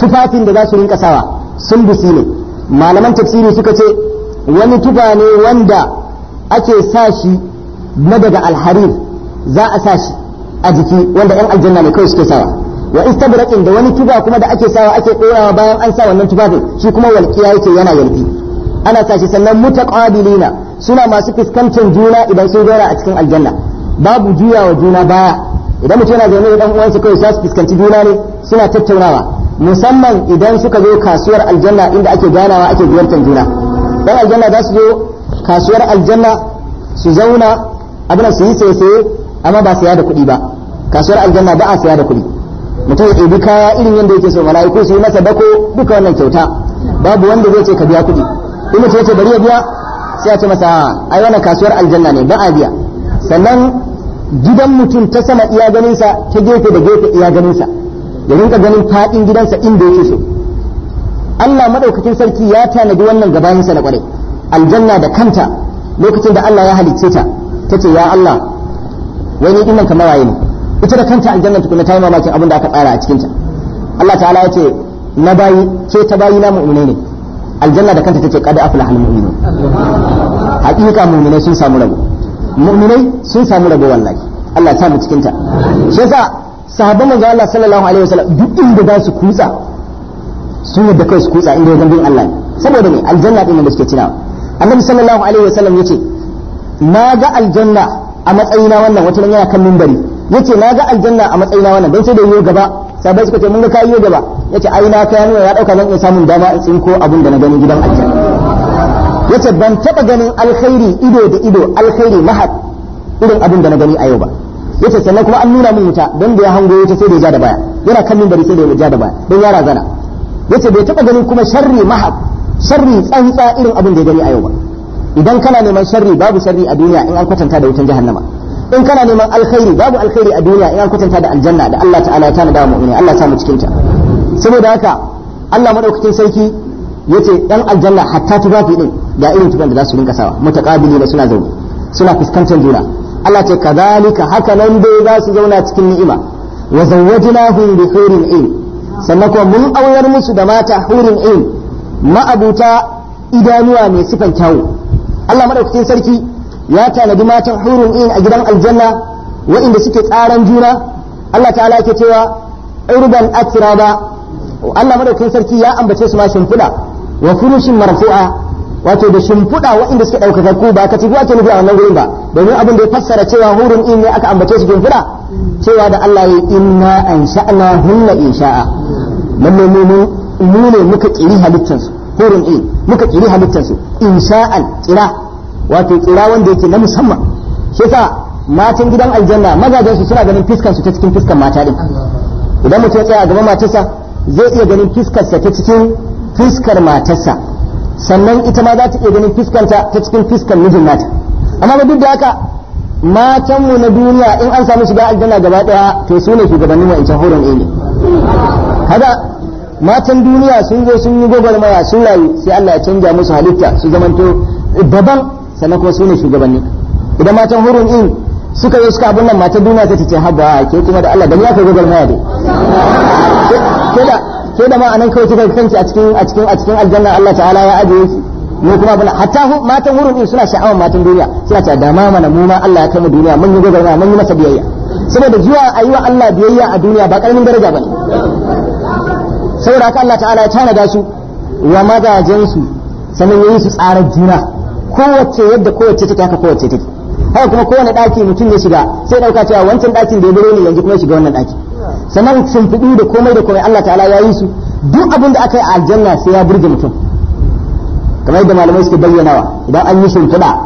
S1: tufafin da za su rinka sawa sundusi ne malaman tafsiri suka ce wani tufa ne wanda ake sa shi na daga alharir za a sa shi a jiki wanda yan aljanna ne kawai suke sawa wa istabraqin da wani tuba kuma da ake sawa ake ɗorawa bayan an sa wannan tufafin shi kuma walƙiya yake yana yalfi ana sa shi sannan mutaqabilina suna masu fuskantar juna idan sun zauna a cikin aljanna babu juyawa juna baya idan mutum yana zaune da ɗan uwansa kawai za su fuskanci juna ne suna tattaunawa musamman idan suka zo kasuwar aljanna inda ake ganawa ake ziyartar juna dan aljanna za su zo kasuwar aljanna su zauna abin su yi sai sai amma ba siya da kuɗi ba kasuwar aljanna ba a siya da kuɗi mutum ya ɗebi kaya irin yadda yake so mala'iku su yi masa dako duka wannan kyauta babu wanda zai ce ka biya kuɗi in mutum ya ce bari ya biya sai a ce masa ah, ai wannan kasuwar aljanna ne ba a biya sannan gidan mutum ta sama iya ganinsa ta gefe da gefe iya ganinsa ya rinka ganin faɗin gidansa inda yake so Allah madaukakin sarki ya tanadi wannan gabanin sa na kwarai aljanna da kanta lokacin da Allah ya halicce ta tace ya Allah wani iman kamar waye ne ita da kanta aljanna tukuna ta yi mamakin abin da aka tsara a cikin ta Allah ta'ala ya ce na bayi ke ta bayi na mu'mine ne aljanna da kanta tace qad aflaha almu'minun haqiqa mu'minai sun samu rabo mu'minai sun samu rabo wallahi Allah ya sa mu cikin ta shi yasa sahabban manzo Allah sallallahu alaihi wasallam duk inda za su kutsa sun yadda kai su kutsa inda ya bin Allah saboda ne aljanna din da suke cinawa. annabi sallallahu alaihi wasallam yace na ga aljanna a matsayina wannan wata yana kan mimbari yace na ga aljanna a matsayina wannan don sai da yiwu gaba sabai suka ce mun ga ka yiwu gaba yace ai na kai nuna ya dauka zan iya samun dama in tsinko abin da na gani gidan aljanna yace ban taba ganin alkhairi ido da ido alkhairi mahad irin abin da na gani a yau ba yace sannan kuma an nuna min wuta don da ya hango wuta sai da ya ja da baya yana kan mimbari sai da ya ja da baya don ya razana yace bai taba ganin kuma sharri mahad sharri tsantsa irin abin da ya gani a yau ba idan kana neman sharri babu sharri a duniya in an kwatanta da wutan jahannama in kana neman alkhairi babu alkhairi a duniya in an kwatanta da aljanna da Allah ta'ala ya tana da mu'mini Allah samu cikin ta saboda haka Allah madaukakin sarki yace dan aljanna hatta tufafi din da irin tufan da za su rinka sawa mutaqabili da suna zaune suna fuskantar juna Allah ce ka haka nan dai za su zauna cikin ni'ima wa zawwajnahum bi hurin in sannan kuma mun auyar musu da mata hurin in ma'abuta idanuwa mai sifan kyawu Allah madaukakin sarki ya tanadi matan hurun in a gidan aljanna waɗanda suke tsaran juna Allah ta'ala yake cewa urban atraba Allah madaukakin sarki ya ambace su ma shimfiɗa wa furushin marfu'a wato da shimfiɗa wainda suke ɗaukaka ku ba ci ake nufi a wannan gurin ba domin abin da ya fassara cewa hurun in ne aka ambace su shimfiɗa cewa da Allah ya inna an sha'na hunna insha'a lalle mu mu ne muka kiri halittansu hurun in muka kiri halittansu insha'an kira wato kira wanda yake na musamman shi ka matan gidan aljanna mazajen su suna ganin fiskan su ta cikin fiskan mata din idan mutum ya tsaya gaban matarsa zai iya ganin sa ta cikin fiskar matarsa sannan ita ma za ta iya ganin fiskanta ta cikin fiskar mijin nata amma ba duk da haka matanmu na duniya in an samu shiga aljanna gaba daya to su ne shugabannin wa'ancan horon ne matan duniya sun zo sun yi gwagwarmaya sun rayu sai Allah ya canja musu halitta su zamanto daban sannan kuma su ne shugabanni idan matan hurun in suka yi suka abin nan matan duniya sai ta ce haba ke kuma da Allah da ni aka gwagwarmaya dai ke da ke da ma anan kawai kika kanki a cikin a cikin a cikin aljanna Allah ta'ala ya ajiye ki ne kuma bana hatta matan hurun in suna sha'awar matan duniya suna ta dama mana mu ma Allah ya kai mu duniya mun yi gwagwarmaya mun yi masa biyayya saboda zuwa ayi wa Allah biyayya a duniya ba karamin daraja bane saboda haka Allah ta'ala ya tanada su wa mazajen su sanin yayi su tsarar juna kowace yadda kowace take haka kowace take haka kuma kowane daki mutum ya shiga sai dauka cewa wancan dakin da ya biro ne yanzu kuma shiga wannan daki sun shimfiɗu da komai da komai Allah ta'ala ya yi su duk abin da aka yi a aljanna sai ya burge mutum kamar yadda malamai suke bayyanawa idan an yi shimfiɗa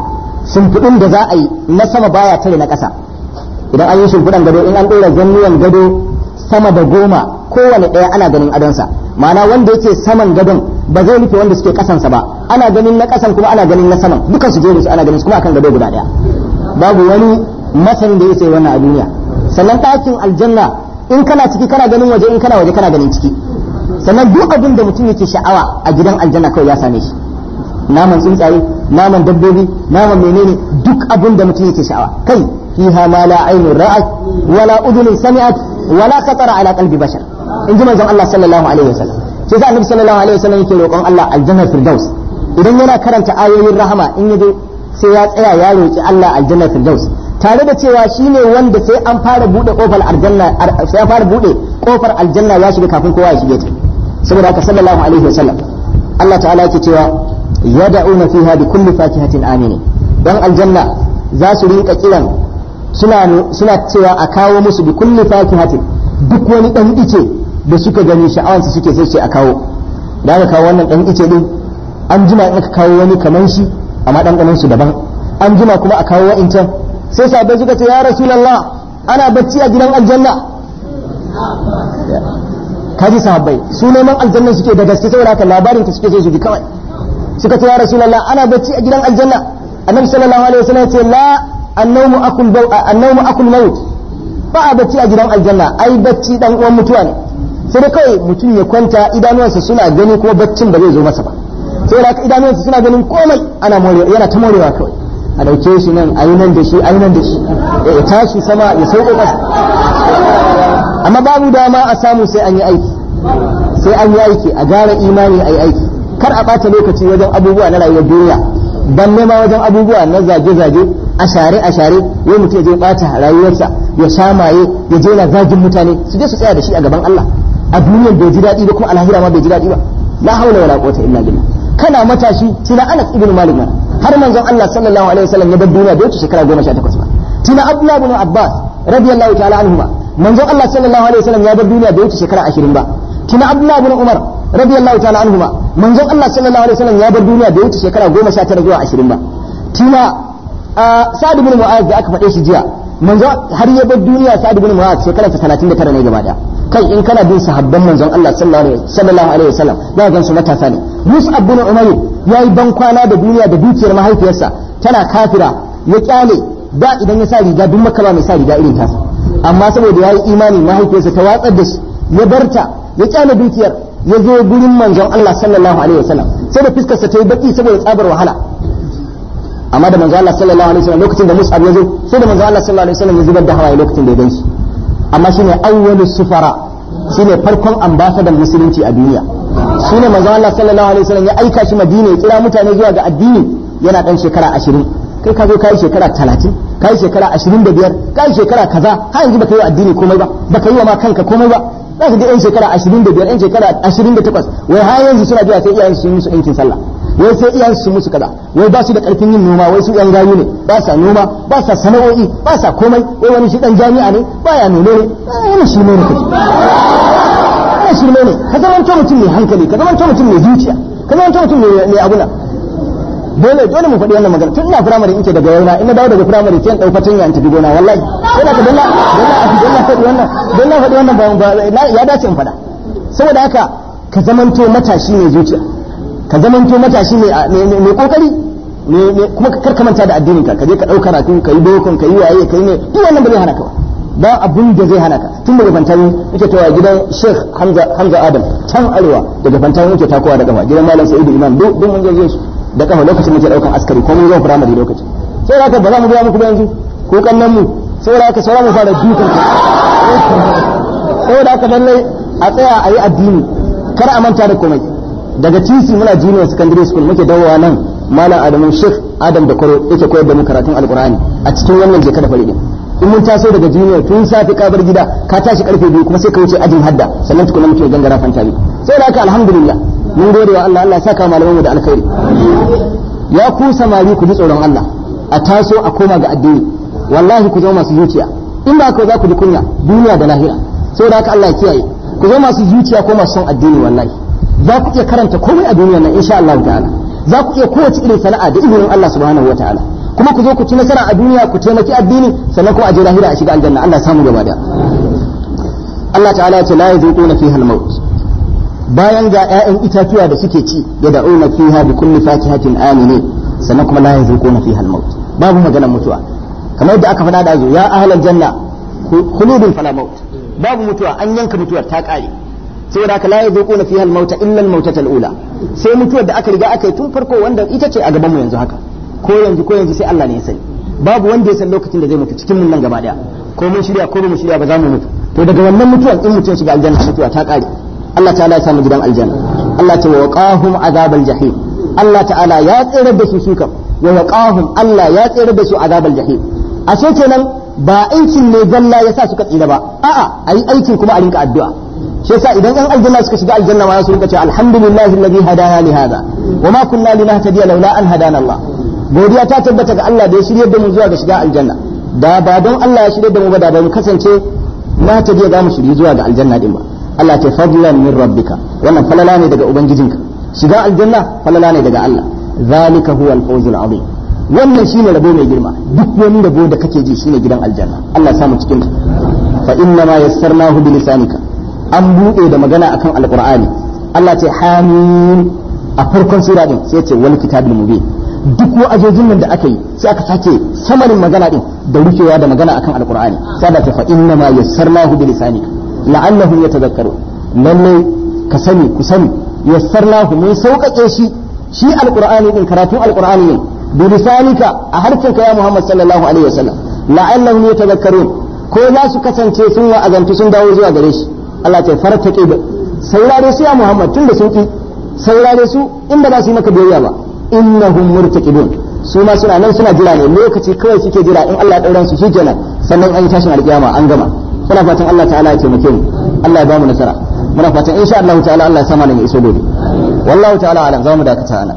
S1: shimfiɗin da za a yi na sama baya tare na ƙasa idan an yi shimfiɗan gado in an ɗora zannuwan gado sama da goma kowane ɗaya ana ganin adonsa ma'ana wanda yake saman gadon ba zai rufe wanda suke kasansa ba ana ganin na kasan kuma ana ganin na saman dukan su jerin su ana ganin su kuma akan gado guda ɗaya babu wani masanin da ya wannan a duniya sannan ɗakin aljanna in kana ciki kana ganin waje in kana waje kana ganin ciki sannan duk abin da mutum yake sha'awa a gidan aljanna kawai ya same shi naman tsuntsaye naman dabbobi naman menene duk abin da mutum yake sha'awa kai fiha ma la ra'at wala udunin sami'at wala khatara ala qalbi bashar in ji manzon Allah sallallahu alaihi wasallam sai sa annabi sallallahu alaihi wasallam yake roƙon Allah aljannar firdaus idan yana karanta ayoyin rahama in yazo sai ya tsaya ya roƙi Allah aljannar firdaus tare da cewa shine wanda sai an fara buɗe ƙofar aljanna sai an fara bude kofar aljanna ya shiga kafin kowa ya shige ta saboda haka sallallahu alaihi wasallam Allah ta'ala yake cewa yad'una fiha bi kulli fakihatin amini dan aljanna za su rinka kiran suna suna cewa a kawo musu bi kulli fakihatin duk wani ɗan ice da suka gani sha'awansu suke sai ce a kawo da aka kawo wannan ɗan ice ɗin an jima in aka kawo wani kaman shi amma ɗan su daban an jima kuma a kawo wa'incan sai sahabbai suka ce ya lalla. ana bacci a gidan aljanna kaji sahabbai su neman aljanna suke da gaske saboda haka labarin ta suke so su ji kawai suka ce ya rasulullah ana bacci a gidan aljanna annabi sallallahu alaihi wasallam ya ce la annawmu akul annawmu akul maut ba a bacci a gidan aljanna ai bacci dan uwan mutuwa ne sai dai kawai mutum ya kwanta idanuwansa suna gani ko baccin ba zai zo masa ba sai da idanuwansa suna ganin komai ana morewa yana ta morewa kawai a dauke shi nan ayi nan da shi ayi nan da shi ya tashi sama ya sauko kasa amma babu dama a samu sai an yi aiki sai an yi aiki a gara imani a yi aiki kar a ɓata lokaci wajen abubuwa na rayuwar duniya ban nema wajen abubuwa na zage-zage a share a share yau mutum ya zai ɓata rayuwarsa ya shamaye ya je yana zagin mutane su je su tsaya da shi a gaban Allah a duniyar bai ji daɗi ba kuma alahira ma bai ji daɗi ba la haula wala quwwata illa billah kana matashi tuna Anas ibn Malik har manzon Allah sallallahu alaihi wasallam ya bar duniya bai wuce shekara 18 ba tuna Abdullah ibn Abbas radiyallahu ta'ala anhuma manzon Allah sallallahu alaihi wasallam ya bar duniya bai wuce shekara 20 ba tuna Abdullah ibn Umar radiyallahu ta'ala anhuma manzon Allah sallallahu alaihi wasallam ya bar duniya bai wuce shekara 19 zuwa 20 ba tuna ah, Sa'ad ibn Mu'adh da aka faɗe shi jiya manzo har ya bar duniya sa'ad ibn mu'adh shekara ta 39 ne gaba daya kai in kana bin sahabban manzon Allah sallallahu alaihi wasallam za ka su matasa ne Mus'ab bin Umayr yayi ban kwana da duniya da dukiyar mahaifiyarsa tana kafira ya kyale ba idan ya sa riga duk makka mai sa riga irin tasa amma saboda yayi imani mahaifiyarsa ta watsar da shi ya barta ya kyale dukiyar ya zo gurin manzon Allah sallallahu alaihi wasallam sai da fiskarsa ta yi baki saboda tsabar wahala amma da manzo Allah sallallahu alaihi wasallam lokacin da Mus'ab ya zo sai da manzo Allah sallallahu alaihi wasallam ya zubar da hawaye lokacin da ya gansu. amma shine awwalus sufara shine farkon ambasadan musulunci a duniya shine manzo Allah sallallahu alaihi wasallam ya aika shi Madina ya kira mutane zuwa ga addini yana dan shekara 20 kai ka zo kai shekara 30 kai shekara 25 kai shekara kaza har yanzu baka yi addini komai ba baka yi wa ma kanka komai ba za ka ga yan shekara 25 yan shekara 28 wai har yanzu suna zuwa sai iyayen su yi musu ɗinkin sallah wai sai iyan su musu kaza wai ba su da karfin yin noma wai su yan gayu ne ba sa noma ba sa sana'o'i ba sa komai wai wani shi dan jami'a ne ba ya nuno ne yana shi ne kaji yana shi ne ka zama mutum mai hankali ka zama mutum mai zuciya ka zama mutum mai abuna dole dole mu faɗi wannan magana tun ina firamare in ce daga yau na ina dawo daga firamare sai in ɗau tun ya in tafi gona wallahi yana ka dalla dalla a dalla faɗi wannan dalla faɗi wannan ba ya dace in faɗa saboda haka ka zamanto matashi ne zuciya ka zamanto matashi mai kokari kuma ka manta da addinin ka ka je ka ɗauka ratu ka yi dokon ka yi waye ka yi ne duk wannan ba zai hana ka ba abun da zai hana ka tun daga fantani yake tawa gidan Sheikh Hamza Hamza Adam can arewa daga fantani yake takowa da kafa gidan Malam Sa'idu Imam duk mun je su da kafa lokacin muke ɗaukan askari ko mun zo firamare lokacin sai haka ba za mu ga muku ba yanzu ko kannan mu sai aka sai mu fara dukan ka saboda haka lallai a tsaya a yi addini kar a manta da komai daga tisi muna junior secondary school muke dawowa nan malam adamu sheikh adam da kwaro yake koyar da mu karatun alkur'ani a cikin wannan jeka da fari ne. in mun taso daga junior tun safi kabar gida ka tashi karfe biyu kuma sai ka wuce ajin hadda sannan tukuna muke gangara fanta biyu sai da haka alhamdulillah mun gode wa Allah Allah ya saka malamanmu da alkhairi ya ku samari ku ji tsoron Allah a taso a koma ga addini wallahi ku zama masu zuciya in ba za ku ji kunya duniya da lahira da haka Allah ya kiyaye ku zama masu zuciya ko masu son addini wallahi za ku iya karanta komai a duniya nan insha Allah ta'ala za ku iya kowace irin sana'a da izinin Allah subhanahu wataala kuma ku zo ku ci nasara a duniya ku taimaki addini sannan kuma a je lahira a shiga aljanna Allah samu gaba da Allah ta'ala ya ce la yazuquna fiha al-maut bayan ga ƴaƴan itatuwa da suke ci ya da'una fiha bi kulli fakihatin amine sannan kuma la yazuquna fiha al-maut babu maganar mutuwa kamar da aka faɗa da zo ya ahlal janna khuludun fala maut babu mutuwa an yanka mutuwar ta ƙare sai da ka laye yazuquna fiha al-mauta illa mauta tal'ula sai mutuwar da aka riga aka yi tun farko wanda ita ce a gaban mu yanzu haka ko yanzu ko yanzu sai Allah ne ya sani babu wanda ya san lokacin da zai mutu cikin mun nan gaba daya ko mun shirya ko mun shirya ba za mu mutu to daga wannan mutuwar in mutum shiga aljanna mutuwa ta kare Allah ta'ala ya samu gidan aljanna Allah ta waqahum azabal jahim Allah ta'ala ya tsere da su sukan wa waqahum Allah ya tsere da su azabal jahim so kenan ba aikin ne zalla yasa suka tsira ba a'a ayi aikin kuma a rinka addu'a shi yasa idan yan aljanna suka shiga aljanna ma su rinka cewa alhamdulillahi alladhi hadana li hada wa ma kunna linahtadiya laula an hadana Allah godiya ta tabbata ga Allah da ya shirye da mu zuwa ga shiga aljanna da ba don Allah ya shirye da mu ba da mu kasance na ta za mu shirye zuwa ga aljanna din ba Allah ta fadlan min rabbika wannan falala ne daga ubangijinka shiga aljanna falala ne daga Allah zalika huwa al-fawzul azim wannan shine rabo mai girma duk wani rabo da kake ji shine gidan aljanna Allah ya sa mu cikin fa inna ma yassarnahu bi lisanika an buɗe da magana akan alqur'ani Allah ce hamim a farkon sura din sai ce wal mu mubin duk wa'azojin nan da aka yi sai aka sake samarin magana din da rufewa da magana akan alqur'ani sai da ta fa inna ma yassarnahu bi lisani la'annahum yatadhakkaru lalle ka sani ku sani yassarnahu mun sauƙaƙe shi shi alqur'ani din karatun alqur'ani ne bi lisanika a harkin ka ya Muhammad sallallahu alaihi wasallam la'annahum yatadhakkarun ko za su kasance sun wa'azantu sun dawo zuwa gare shi Allah ce ke da saurare su ya Muhammad tun da sun ki saurare su inda za su yi maka biyayya ba innahum murtaqibun su ma suna nan suna jira ne lokaci kawai suke jira in Allah ɗauran su shikenan sannan an yi tashin alƙiyama an gama muna fatan Allah ta'ala ya taimake mu Allah ya ba mu nasara muna fatan insha Allah ta'ala Allah ya sa mana iso dole wallahi ta'ala alam za mu dakata ana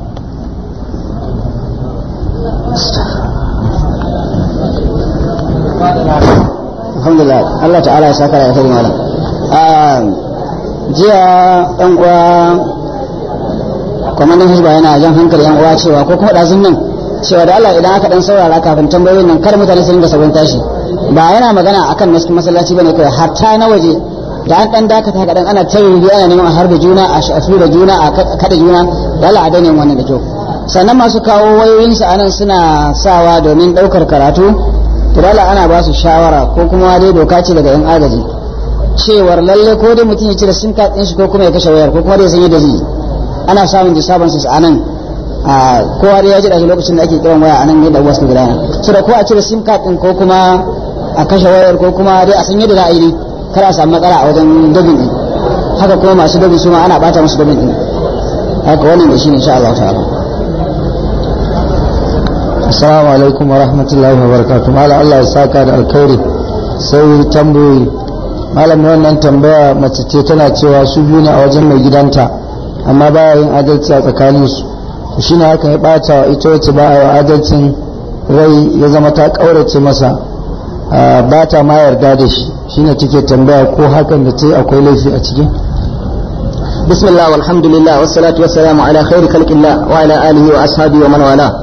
S3: alhamdulillah Allah ta'ala ya saka ya kai malam jiya yan uwa kwamandan hizba yana jan hankali yan uwa cewa ko kuma ɗazun nan cewa da Allah idan aka ɗan saurara kafin tambayoyin nan kar mutane
S1: su ringa sabon tashi ba yana magana akan masallaci ba bane kawai hatta na waje da an ɗan dakata haka dan ana yi ana neman a harbe juna a shafi da juna a kada juna da Allah a daina wannan da kyau sannan masu kawo wayoyinsu anan suna sawa domin ɗaukar karatu to ana ba su shawara ko kuma dai doka ce daga yan agaji cewar lalle ko dai mutum ya cire sim card ɗin shi ko kuma ya kashe wayar ko kuma dai san yadda zai ana samun disturbances a nan a kowa dai ya ji daga lokacin da ake kiran waya a nan yadda wasu gudana so da ko a cire sim card ɗin ko kuma a kashe wayar ko kuma dai a san yadda za a yi kar a samu matsala a wajen dabin ɗin haka kuma masu dabin su ma ana bata musu dabin ɗin haka wannan da shi insha Allah
S3: ta'ala assalamu alaikum wa rahmatullahi wa barakatuh mala Allah ya saka da alkhairi sai tambayoyi malam wannan tambaya mace ce tana cewa su biyu ne a wajen mai gidanta amma ba ya yin adalci a tsakaninsu shi ne haka ya ɓata wa ita wacce ba a yi adalcin rai ya zama ta ƙaurace masa ba ta ma yarda da shi shi ne take tambaya ko hakan da ta yi akwai laifi a ciki bismillah walhamdulillah wassalatu wassalamu ala khairi khalqillah
S1: wa ala alihi wa ashabihi wa man wala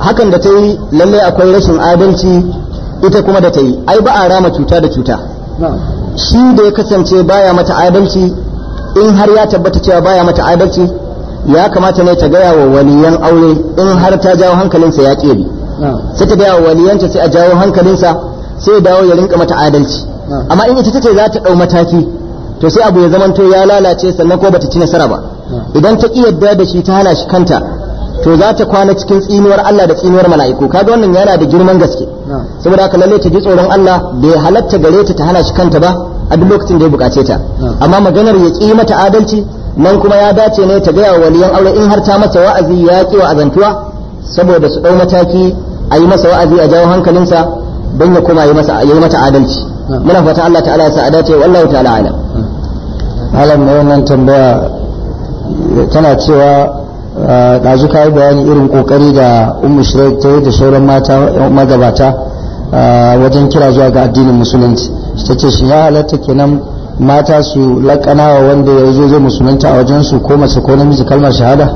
S1: hakan da ta yi lalle akwai rashin adalci ita kuma da ta yi ai ba a rama cuta da cuta shi da ya kasance baya mata adalci in har ya tabbata cewa baya mata adalci ya kamata ne ta gaya wa waliyan aure in har ta jawo hankalinsa ya ƙeri sai ta gaya wa waliyanta sai a jawo hankalinsa sai ya dawo ya rinka mata adalci amma in ita ce za ta ɗau mataki to sai abu ya zamanto ya lalace sannan ko bata ci nasara ba idan ta ƙi yadda da shi ta hana shi kanta to za ta kwana cikin tsinuwar Allah da tsinuwar mala'iku kaga wannan yana da girman gaske saboda haka lalle ta ji tsoron Allah bai halatta gare ta ta hana shi kanta ba a duk lokacin da ya bukace ta amma maganar ya ƙi mata adalci nan kuma ya dace ne ta gaya wa waliyan aure in har ta masa wa'azi ya ƙi wa azantuwa saboda su ɗau mataki a yi masa wa'azi a jawo hankalinsa don ya koma ya yi mata adalci muna fata Allah ta'ala ya sa a dace wallahu ta'ala alam
S3: alam ne wannan tambaya tana cewa ɗazu ah, ka yi bayani irin ƙoƙari da ummu shirai ta yi da sauran mata magabata ah, wajen kira zuwa ga addinin musulunci ta ce shi ya halatta kenan mata su wa wanda ya zo zai musulunta a wajen su ko mace ko namiji kalmar shahada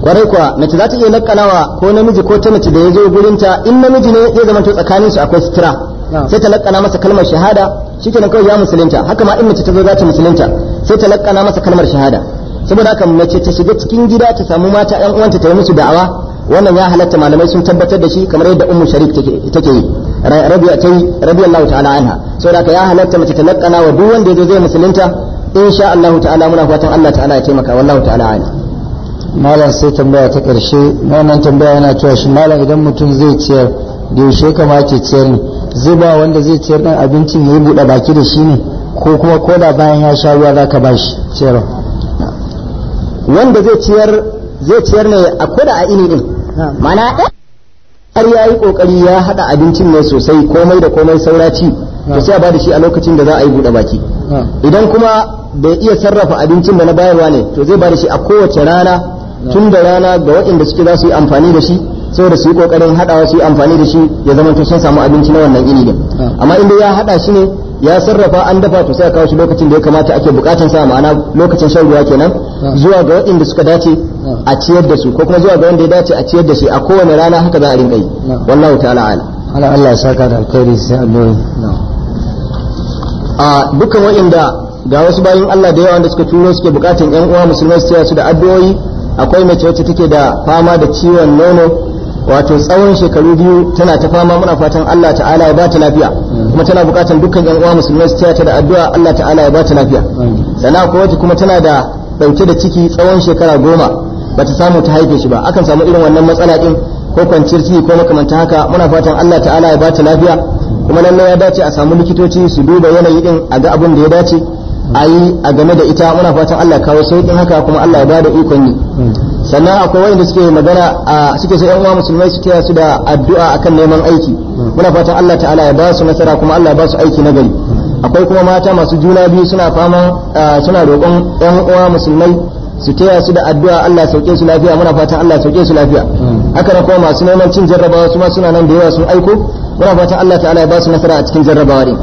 S3: kwarai kuwa mace za ta iya wa ko namiji ko ta mace da ya zo gurinta in namiji ne ya
S1: zama tsakaninsu akwai sutura sai ta laƙana masa kalmar shahada shi na kawai ya musulunta haka ma in mace ta zo za ta musulunta sai ta laƙana masa kalmar shahada saboda haka mace ta shiga cikin gida ta samu mata yan uwanta ta yi musu da'awa wannan ya halatta malamai sun tabbatar da shi kamar yadda ummu sharif take yi rabiya ta yi saboda haka ya halatta mace ta lakana duk wanda yazo zai musulunta insha Allah ta'ala muna fatan Allah ta'ala ya taimaka wallahu ta'ala ani
S3: malam sai tambaya ta karshe wannan tambaya yana cewa shi malam idan mutum zai ciyar da yaushe kamata ciyar ne zai ba wanda zai ciyar ɗan abincin ya yi buɗe baki da shi ne ko kuma koda bayan ya sha ruwa ka ba shi ciyarwa wanda zai ciyar
S1: zai ciyar ne a koda a ini din mana har ya yi kokari ya hada abincin ne sosai komai da komai sauraci to sai a bada shi a lokacin da za a yi bude baki idan kuma bai iya sarrafa abincin da na bayarwa ne to zai bada shi a kowace rana tun da rana ga waɗanda suke za su yi amfani da shi saboda su yi kokarin hadawa su yi amfani da shi ya zama to sun samu abinci na wannan ini din amma in dai ya hada shi ne ya sarrafa an dafa to sai a kawo shi lokacin da ya kamata ake bukatan sa ma'ana lokacin shan ruwa kenan zuwa ga waɗanda suka dace a ciyar da su ko kuma zuwa ga wanda ya dace a ciyar da shi a kowane rana haka za a rinka yi wallahu ta'ala ala
S3: Allah ya saka da alkhairi sai addu'a
S1: a dukkan waɗanda ga wasu bayin Allah da yawa wanda suka turo suke bukatan ƴan uwa musulmai su da addu'o'i akwai mace wacce take da fama da ciwon nono wato tsawon shekaru biyu tana ta fama muna fatan Allah ta'ala ya bata lafiya kuma tana bukatan dukkan yan uwa musulmai su taya da addu'a Allah ta'ala ya bata lafiya sana ko wata kuma tana da dauke da ciki tsawon shekara goma bata samu ta haife shi ba akan samu irin wannan matsala din ko kwanciyar ciki ko makamanta haka muna fatan Allah ta'ala ya bata lafiya kuma lallai ya dace a samu likitoci su duba yanayi din a ga abin da ya dace a yi a game da ita muna fatan Allah kawo sauƙin haka kuma Allah ya bada ikon yi sannan akwai wanda suke magana a suke sai yan uwa musulmai su taya su da addu'a akan neman aiki muna fatan Allah ta'ala ya ba su nasara kuma Allah ya ba su aiki na gari akwai kuma mata masu juna biyu suna fama suna roƙon yan uwa musulmai su taya su da addu'a Allah sauke su lafiya muna fatan Allah sauke su lafiya haka kuma masu neman cin jarrabawa su ma suna nan da yawa sun aiko muna fatan Allah ta'ala ya ba su nasara a cikin jarrabawa din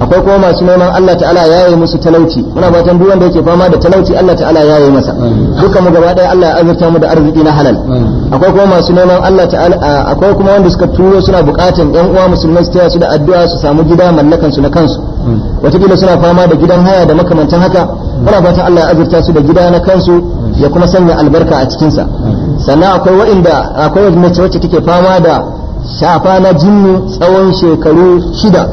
S1: akwai kuma masu neman Allah ta'ala ya yi musu talauci muna fatan duk wanda yake fama da talauci Allah ta'ala ya yi masa duka mu gaba daya Allah ya azurta mu da arziki na halal akwai kuma masu neman Allah ta'ala akwai kuma wanda suka turo suna bukatan yan uwa musulmai su taya su da addu'a su samu gida mallakan su na kansu kila suna fama da gidan haya da makamantan haka muna fatan Allah ya azurta su da gida na kansu ya kuma sanya albarka a cikinsa sannan akwai wa'inda akwai mace wacce take fama da shafa na jinni tsawon shekaru shida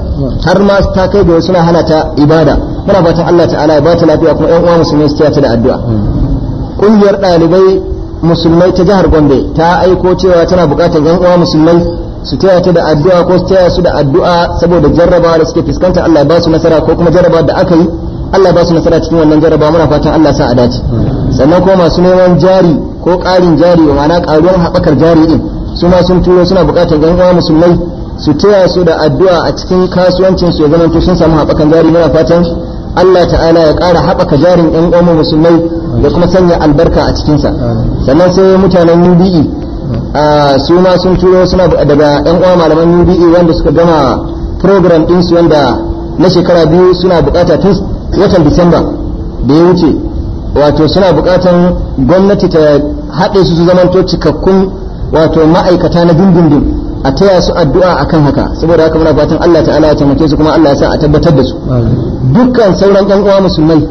S1: har ma ta kai da suna hana ta ibada muna fatan Allah ta'ala ya bata lafiya kuma ƴan uwa musulmai su ta da addu'a ƙungiyar ɗalibai musulmai ta jihar Gombe ta aiko cewa tana buƙatar ƴan uwa musulmai su tiyata da addu'a ko su tiyata su da addu'a saboda jarrabawa da suke fuskanta Allah ya ba su nasara ko kuma jarrabawa da aka yi Allah ba su nasara cikin wannan jaraba muna fatan Allah sa a dace sannan kuma masu neman jari ko ƙarin jari wa ma'ana ƙaruwar haɓakar jari din suna sun turo suna bukatar ga uwa musulmai su taya su da addu'a a cikin kasuwancin su ya zama sun samu haɓakan jari muna fatan Allah ta'ala ya ƙara haɓaka jarin yan uwa musulmai da kuma sanya albarka a cikinsa sannan sai mutanen UBE su ma sun turo suna daga yan uwa malaman UBE wanda suka gama program ɗinsu wanda na shekara biyu suna bukata tun watan Disamba da ya wuce wato suna bukatan gwamnati ta haɗe su su zamanto cikakkun wato ma'aikata na dindindin a taya su addu'a akan haka saboda haka muna fatan Allah ta'ala ya taimake su kuma Allah ya sa a tabbatar da su dukkan sauran yan uwa musulmai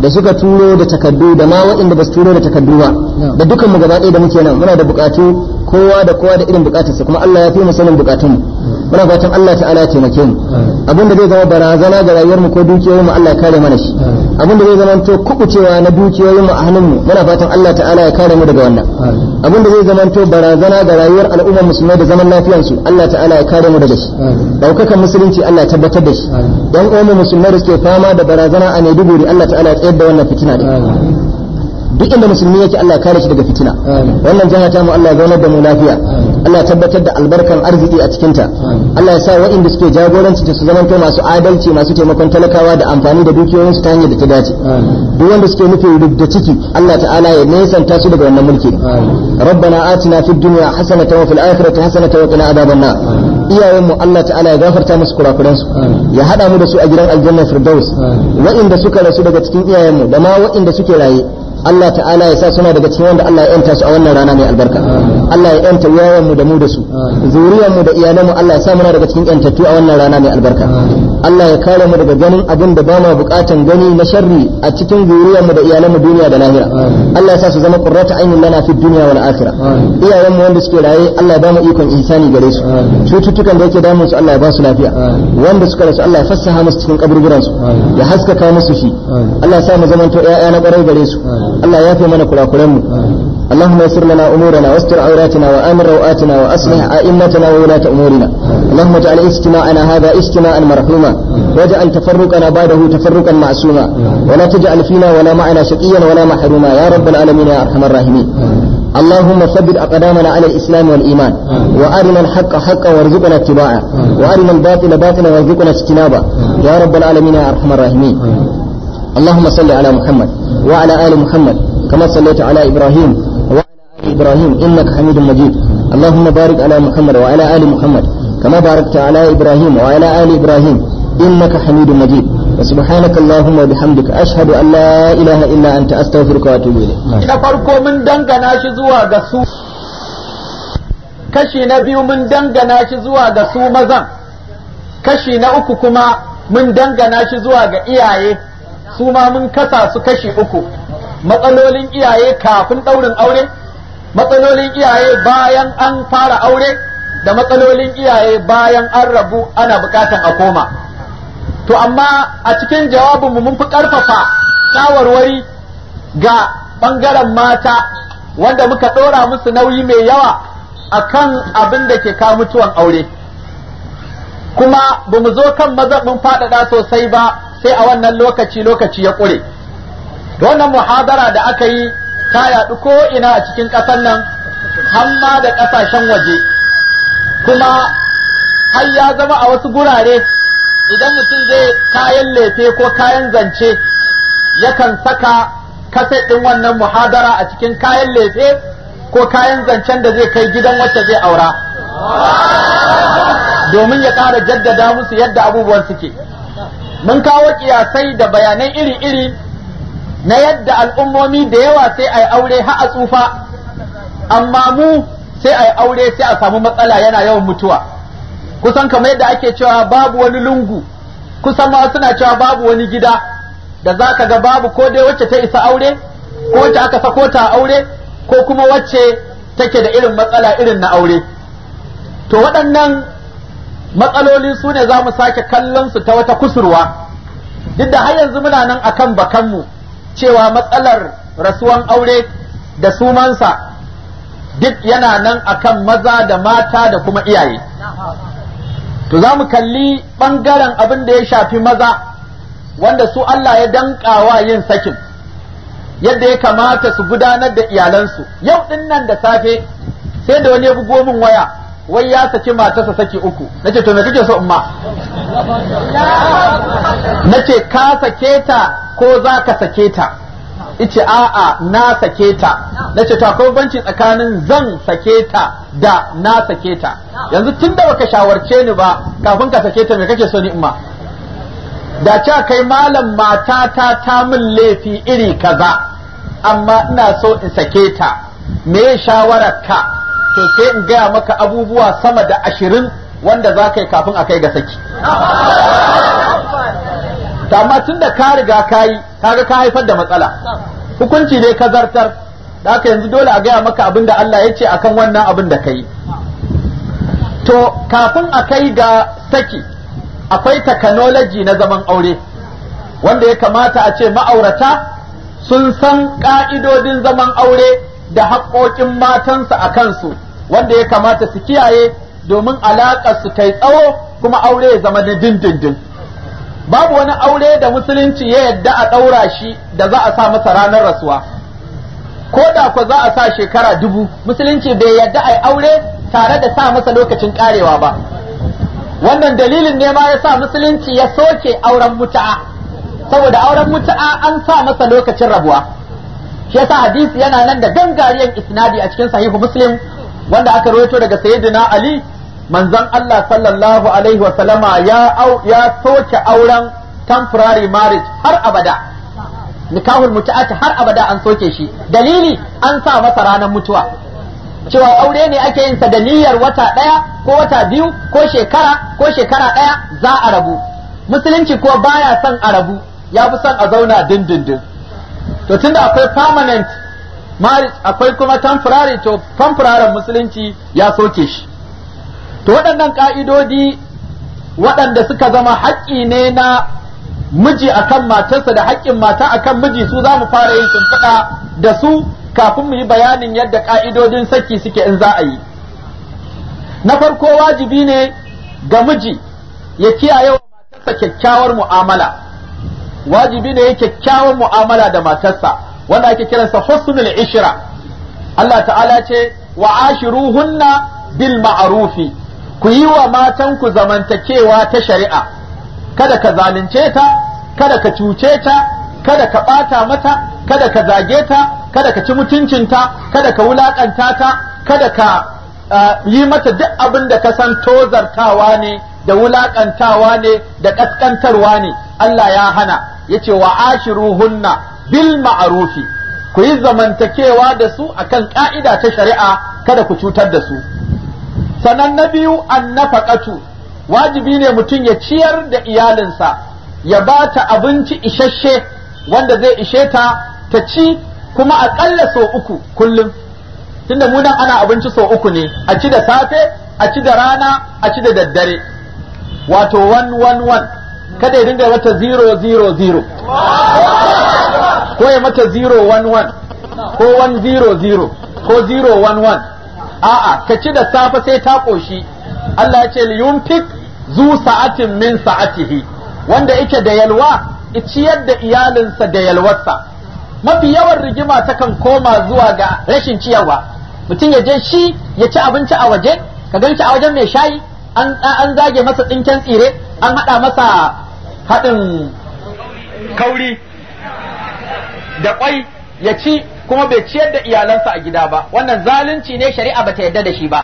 S1: da suka turo da takaddu da ma waɗanda ba su turo da takaddu ba da dukkan mu gaba da muke nan muna da bukatu kowa da kowa da irin bukatarsa kuma Allah ya fi mu sanin bukatun mu muna fatan Allah ta'ala ya taimake mu abin da zai zama barazana ga rayuwar mu ko dukiyoyin mu Allah ya kare mana shi abin da zai zamanto kubucewa na dukiyoyin mu a hannun mu muna fatan Allah ta'ala ya kare mu daga wannan abin da zai zamanto barazana ga rayuwar al'ummar musulmai da zaman lafiyar su Allah ta'ala ya kare mu daga shi daukakan musulunci Allah tabbatar da shi dan uwan musulmai da suke fama da barazana a Maiduguri Allah ta'ala ya tsayar da wannan fitina din duk inda musulmi yake Allah kare shi daga fitina wannan jaha ta mu Allah ya zaunar da mu lafiya Allah ya tabbatar da albarkan arziki a cikinta Allah ya sa waɗanda suke jagoranci da su zamanto masu adalci masu taimakon talakawa da amfani da dukiyoyinsu ta hanyar da ta dace duk wanda suke nufi da ciki Allah ta'ala ya nesanta su daga wannan mulki rabbana atina fid dunya hasanatan wa fil akhirati hasanatan wa qina adhaban nar iyayen mu Allah ta'ala ya gafarta musu kurakuran su ya haɗa mu da su a gidan aljanna firdaus waɗanda suka rasu daga cikin iyayen mu da ma waɗanda suke raye Allah ta'ala ya sa suna daga cikin wanda Allah ya yanta su a wannan rana mai albarka Allah ya yanta yawan mu da mu da su zuriyar mu da iyalan mu Allah ya sa muna daga cikin yantattu a wannan rana mai albarka Allah ya kare mu daga ganin abin da ba ma bukatan gani na sharri a cikin zuriyarmu da iyalanmu duniya da lahira Allah ya sa su zama qurrata aynin lana fi dunya wal akhirah iyayenmu wanda suke raye Allah ya ba mu ikon insani gare su cututtukan da yake damun su Allah ya ba su lafiya wanda suka rasu Allah ya fassaha musu cikin kaburburan su ya haskaka musu shi Allah ya sa mu zamanto ƴaƴa na ƙwarai gare su Allah ya yafe mana kurakuran mu اللهم يسر لنا أمورنا واستر عوراتنا وآمن روآتنا وأصلح أئمتنا وولاة أمورنا اللهم اجعل اجتماعنا هذا اجتماعا مرحوما واجعل تفرقنا بعده تفرقا معصوما ولا تجعل فينا ولا معنا شقيا ولا محروما يا رب العالمين يا ارحم الراحمين اللهم ثبت أقدامنا على الإسلام والإيمان وأرنا الحق حقا وارزقنا اتباعه وأرنا الباطل باطلا وارزقنا اجتنابه يا رب العالمين يا أرحم الراحمين اللهم صل على محمد وعلى آل محمد كما صليت على إبراهيم وعلى آل إبراهيم إنك حميد مجيد اللهم بارك على محمد وعلى آل محمد كما باركت على إبراهيم وعلى آل إبراهيم إنك حميد مجيد وسبحانك اللهم وبحمدك أشهد أن لا إله إلا أنت أستغفرك وأتوب إليك
S4: na farko mun dangana shi zuwa ga su kashi na biyu mun dangana shi zuwa ga su mazan kashi na uku kuma mun dangana shi zuwa ga iyaye suma ma mun kasa su kashi uku matsalolin iyaye kafin ɗaurin aure matsalolin iyaye bayan an fara aure da matsalolin iyaye bayan an rabu ana bukatan a koma to amma a cikin jawabinmu mun fi karfafa shawarwari ga ɓangaren mata wanda muka ɗora musu nauyi mai yawa akan abin da ke kawo mutuwan aure kuma ba mu zo kan mun faɗaɗa sosai ba sai a wannan lokaci lokaci ya ƙure wannan muhadara da aka yi ta yaɗu ko ina a cikin ƙasan nan hamma da ƙasashen waje kuma har ya zama a wasu gurare idan mutum zai kayan lefe ko kayan zance yakan saka kaset ɗin wannan muhadara a cikin kayan lefe ko kayan zancen da zai kai gidan wacce zai aura domin ya ƙara jaddada musu yadda abubuwan suke mun kawo kiyasai da bayanai iri-iri na yadda al'ummomi da yawa sai a yi aure har a tsufa amma mu sai a yi aure sai a samu matsala yana yawan mutuwa kusan kamar yadda ake cewa babu wani lungu kusan ma suna cewa babu wani gida da za ka ga babu ko dai wacce ta isa aure ko wacce aka sako ta aure ko kuma wacce take da irin matsala irin na aure to waɗannan matsaloli su ne za mu sake kallon su ta wata kusurwa duk da har yanzu muna nan akan bakanmu cewa matsalar rasuwan aure da sumansa duk yana nan akan maza da mata da kuma iyaye to za mu kalli ɓangaren abin da ya shafi maza wanda su Allah ya wa yin sakin yadda ya kamata su gudanar da iyalansu yau din nan da safe sai da wani ya bugo min waya wai ya saki matarsa saki uku nace to me kake so umma nace ka sake ta ko za ka sake ta ice a'a na sake ta Nace ta to banci tsakanin zan sake ta da na sake ta yanzu tun da baka shawarce ni ba kafin ka sake ta me kake so ni ma. da cewa kai malam mata ta ta min laifi iri kaza amma ina so in sake ta me shawarar ka to sai in gaya maka abubuwa sama da ashirin wanda za ka kafin a kai ga saki to amma da ka riga ka yi kaga ka haifar da matsala hukunci ne ka zartar da haka yanzu dole a gaya maka abin da Allah ya ce akan wannan abin da ka yi to kafin a kai ga saki akwai technology na zaman aure wanda ya kamata a ce ma'aurata sun san ka'idodin zaman aure da haƙoƙin matansa a kansu wanda ya kamata su kiyaye domin alaƙar su ta tsawo kuma aure ya zama na dindindin. babu wani aure da musulunci ya yadda a ɗaura shi da za a sa masa ranar rasuwa ko da ku za a sa shekara dubu musulunci bai yadda a yi aure tare da sa masa lokacin karewa ba wannan dalilin ne ma ya sa musulunci ya soke auren mutu'a saboda auren mutu'a an sa masa lokacin rabuwa shi yasa hadisi yana nan da gangariyan isnadi a cikin sahihu muslim wanda aka rawaito daga sayyidina ali manzon Allah sallallahu alaihi wa sallama ya au ya soke auren temporary marriage har abada nikahul muta'ati har abada an soke shi dalili an sa masa ranar mutuwa cewa aure ne ake yin sa da niyyar wata daya ko wata biyu ko shekara ko shekara daya za a rabu musulunci ko baya son a rabu ya fi son a zauna dindindin to tunda akwai permanent marriage akwai kuma temporary to temporary musulunci ya soke shi to waɗannan ƙa'idodi waɗanda suka zama haƙƙi ne na miji akan matarsa da haƙƙin mata akan miji su za mu fara yin shimfiɗa da su kafin mu yi bayanin yadda ƙa'idodin saki suke in za a yi na farko wajibi ne ga miji ya kiyaye wa matarsa kyakkyawar mu'amala wajibi ne ya kyakkyawar mu'amala da matarsa wanda ake kiransa husnul ishra Allah ta'ala ce wa ashiruhunna bil ma'rufi ku yi wa matanku zamantakewa ta shari'a kada ka zalunce ta kada ka cuce ta kada ka ɓata mata kada ka zage ta kada ka ci mutuncin ta kada ka wulaƙanta ta kada ka yi mata duk abin da ka san tozartawa ne da wulaƙantawa ne da ƙasƙantarwa ne Allah ya hana yace wa ashiruhunna bil ma'rufi ku yi zamantakewa da su akan ka'ida ta shari'a kada ku cutar da su sannan na biyu annafaqatu wajibi ne mutum ya ciyar da iyalinsa ya ba ta abinci isasshe wanda zai ishe ta ta ci kuma aƙalla sau uku kullum tunda mu nan ana abinci sau uku ne a ci da safe a ci da rana a ci da daddare wato one one kada ya dinga mata zero zero zero ko ya mata zero one one ko one zero zero ko zero one one a'a ka ci da safe sai ta koshi Allah ya ce liyunfik zu sa'atin min sa'atihi wanda yake da yalwa ciyar da iyalinsa da yalwarsa mafi yawan rigima takan koma zuwa ga rashin ciyarwa mutum ya je shi ya ci abinci a waje ka gan a wajen mai shayi an zage masa tsinken tsire an haɗa masa haɗin kauri da kwai ya ci kuma bai ciyar da iyalansa a gida ba wannan zalunci ne shari'a bata yarda da shi ba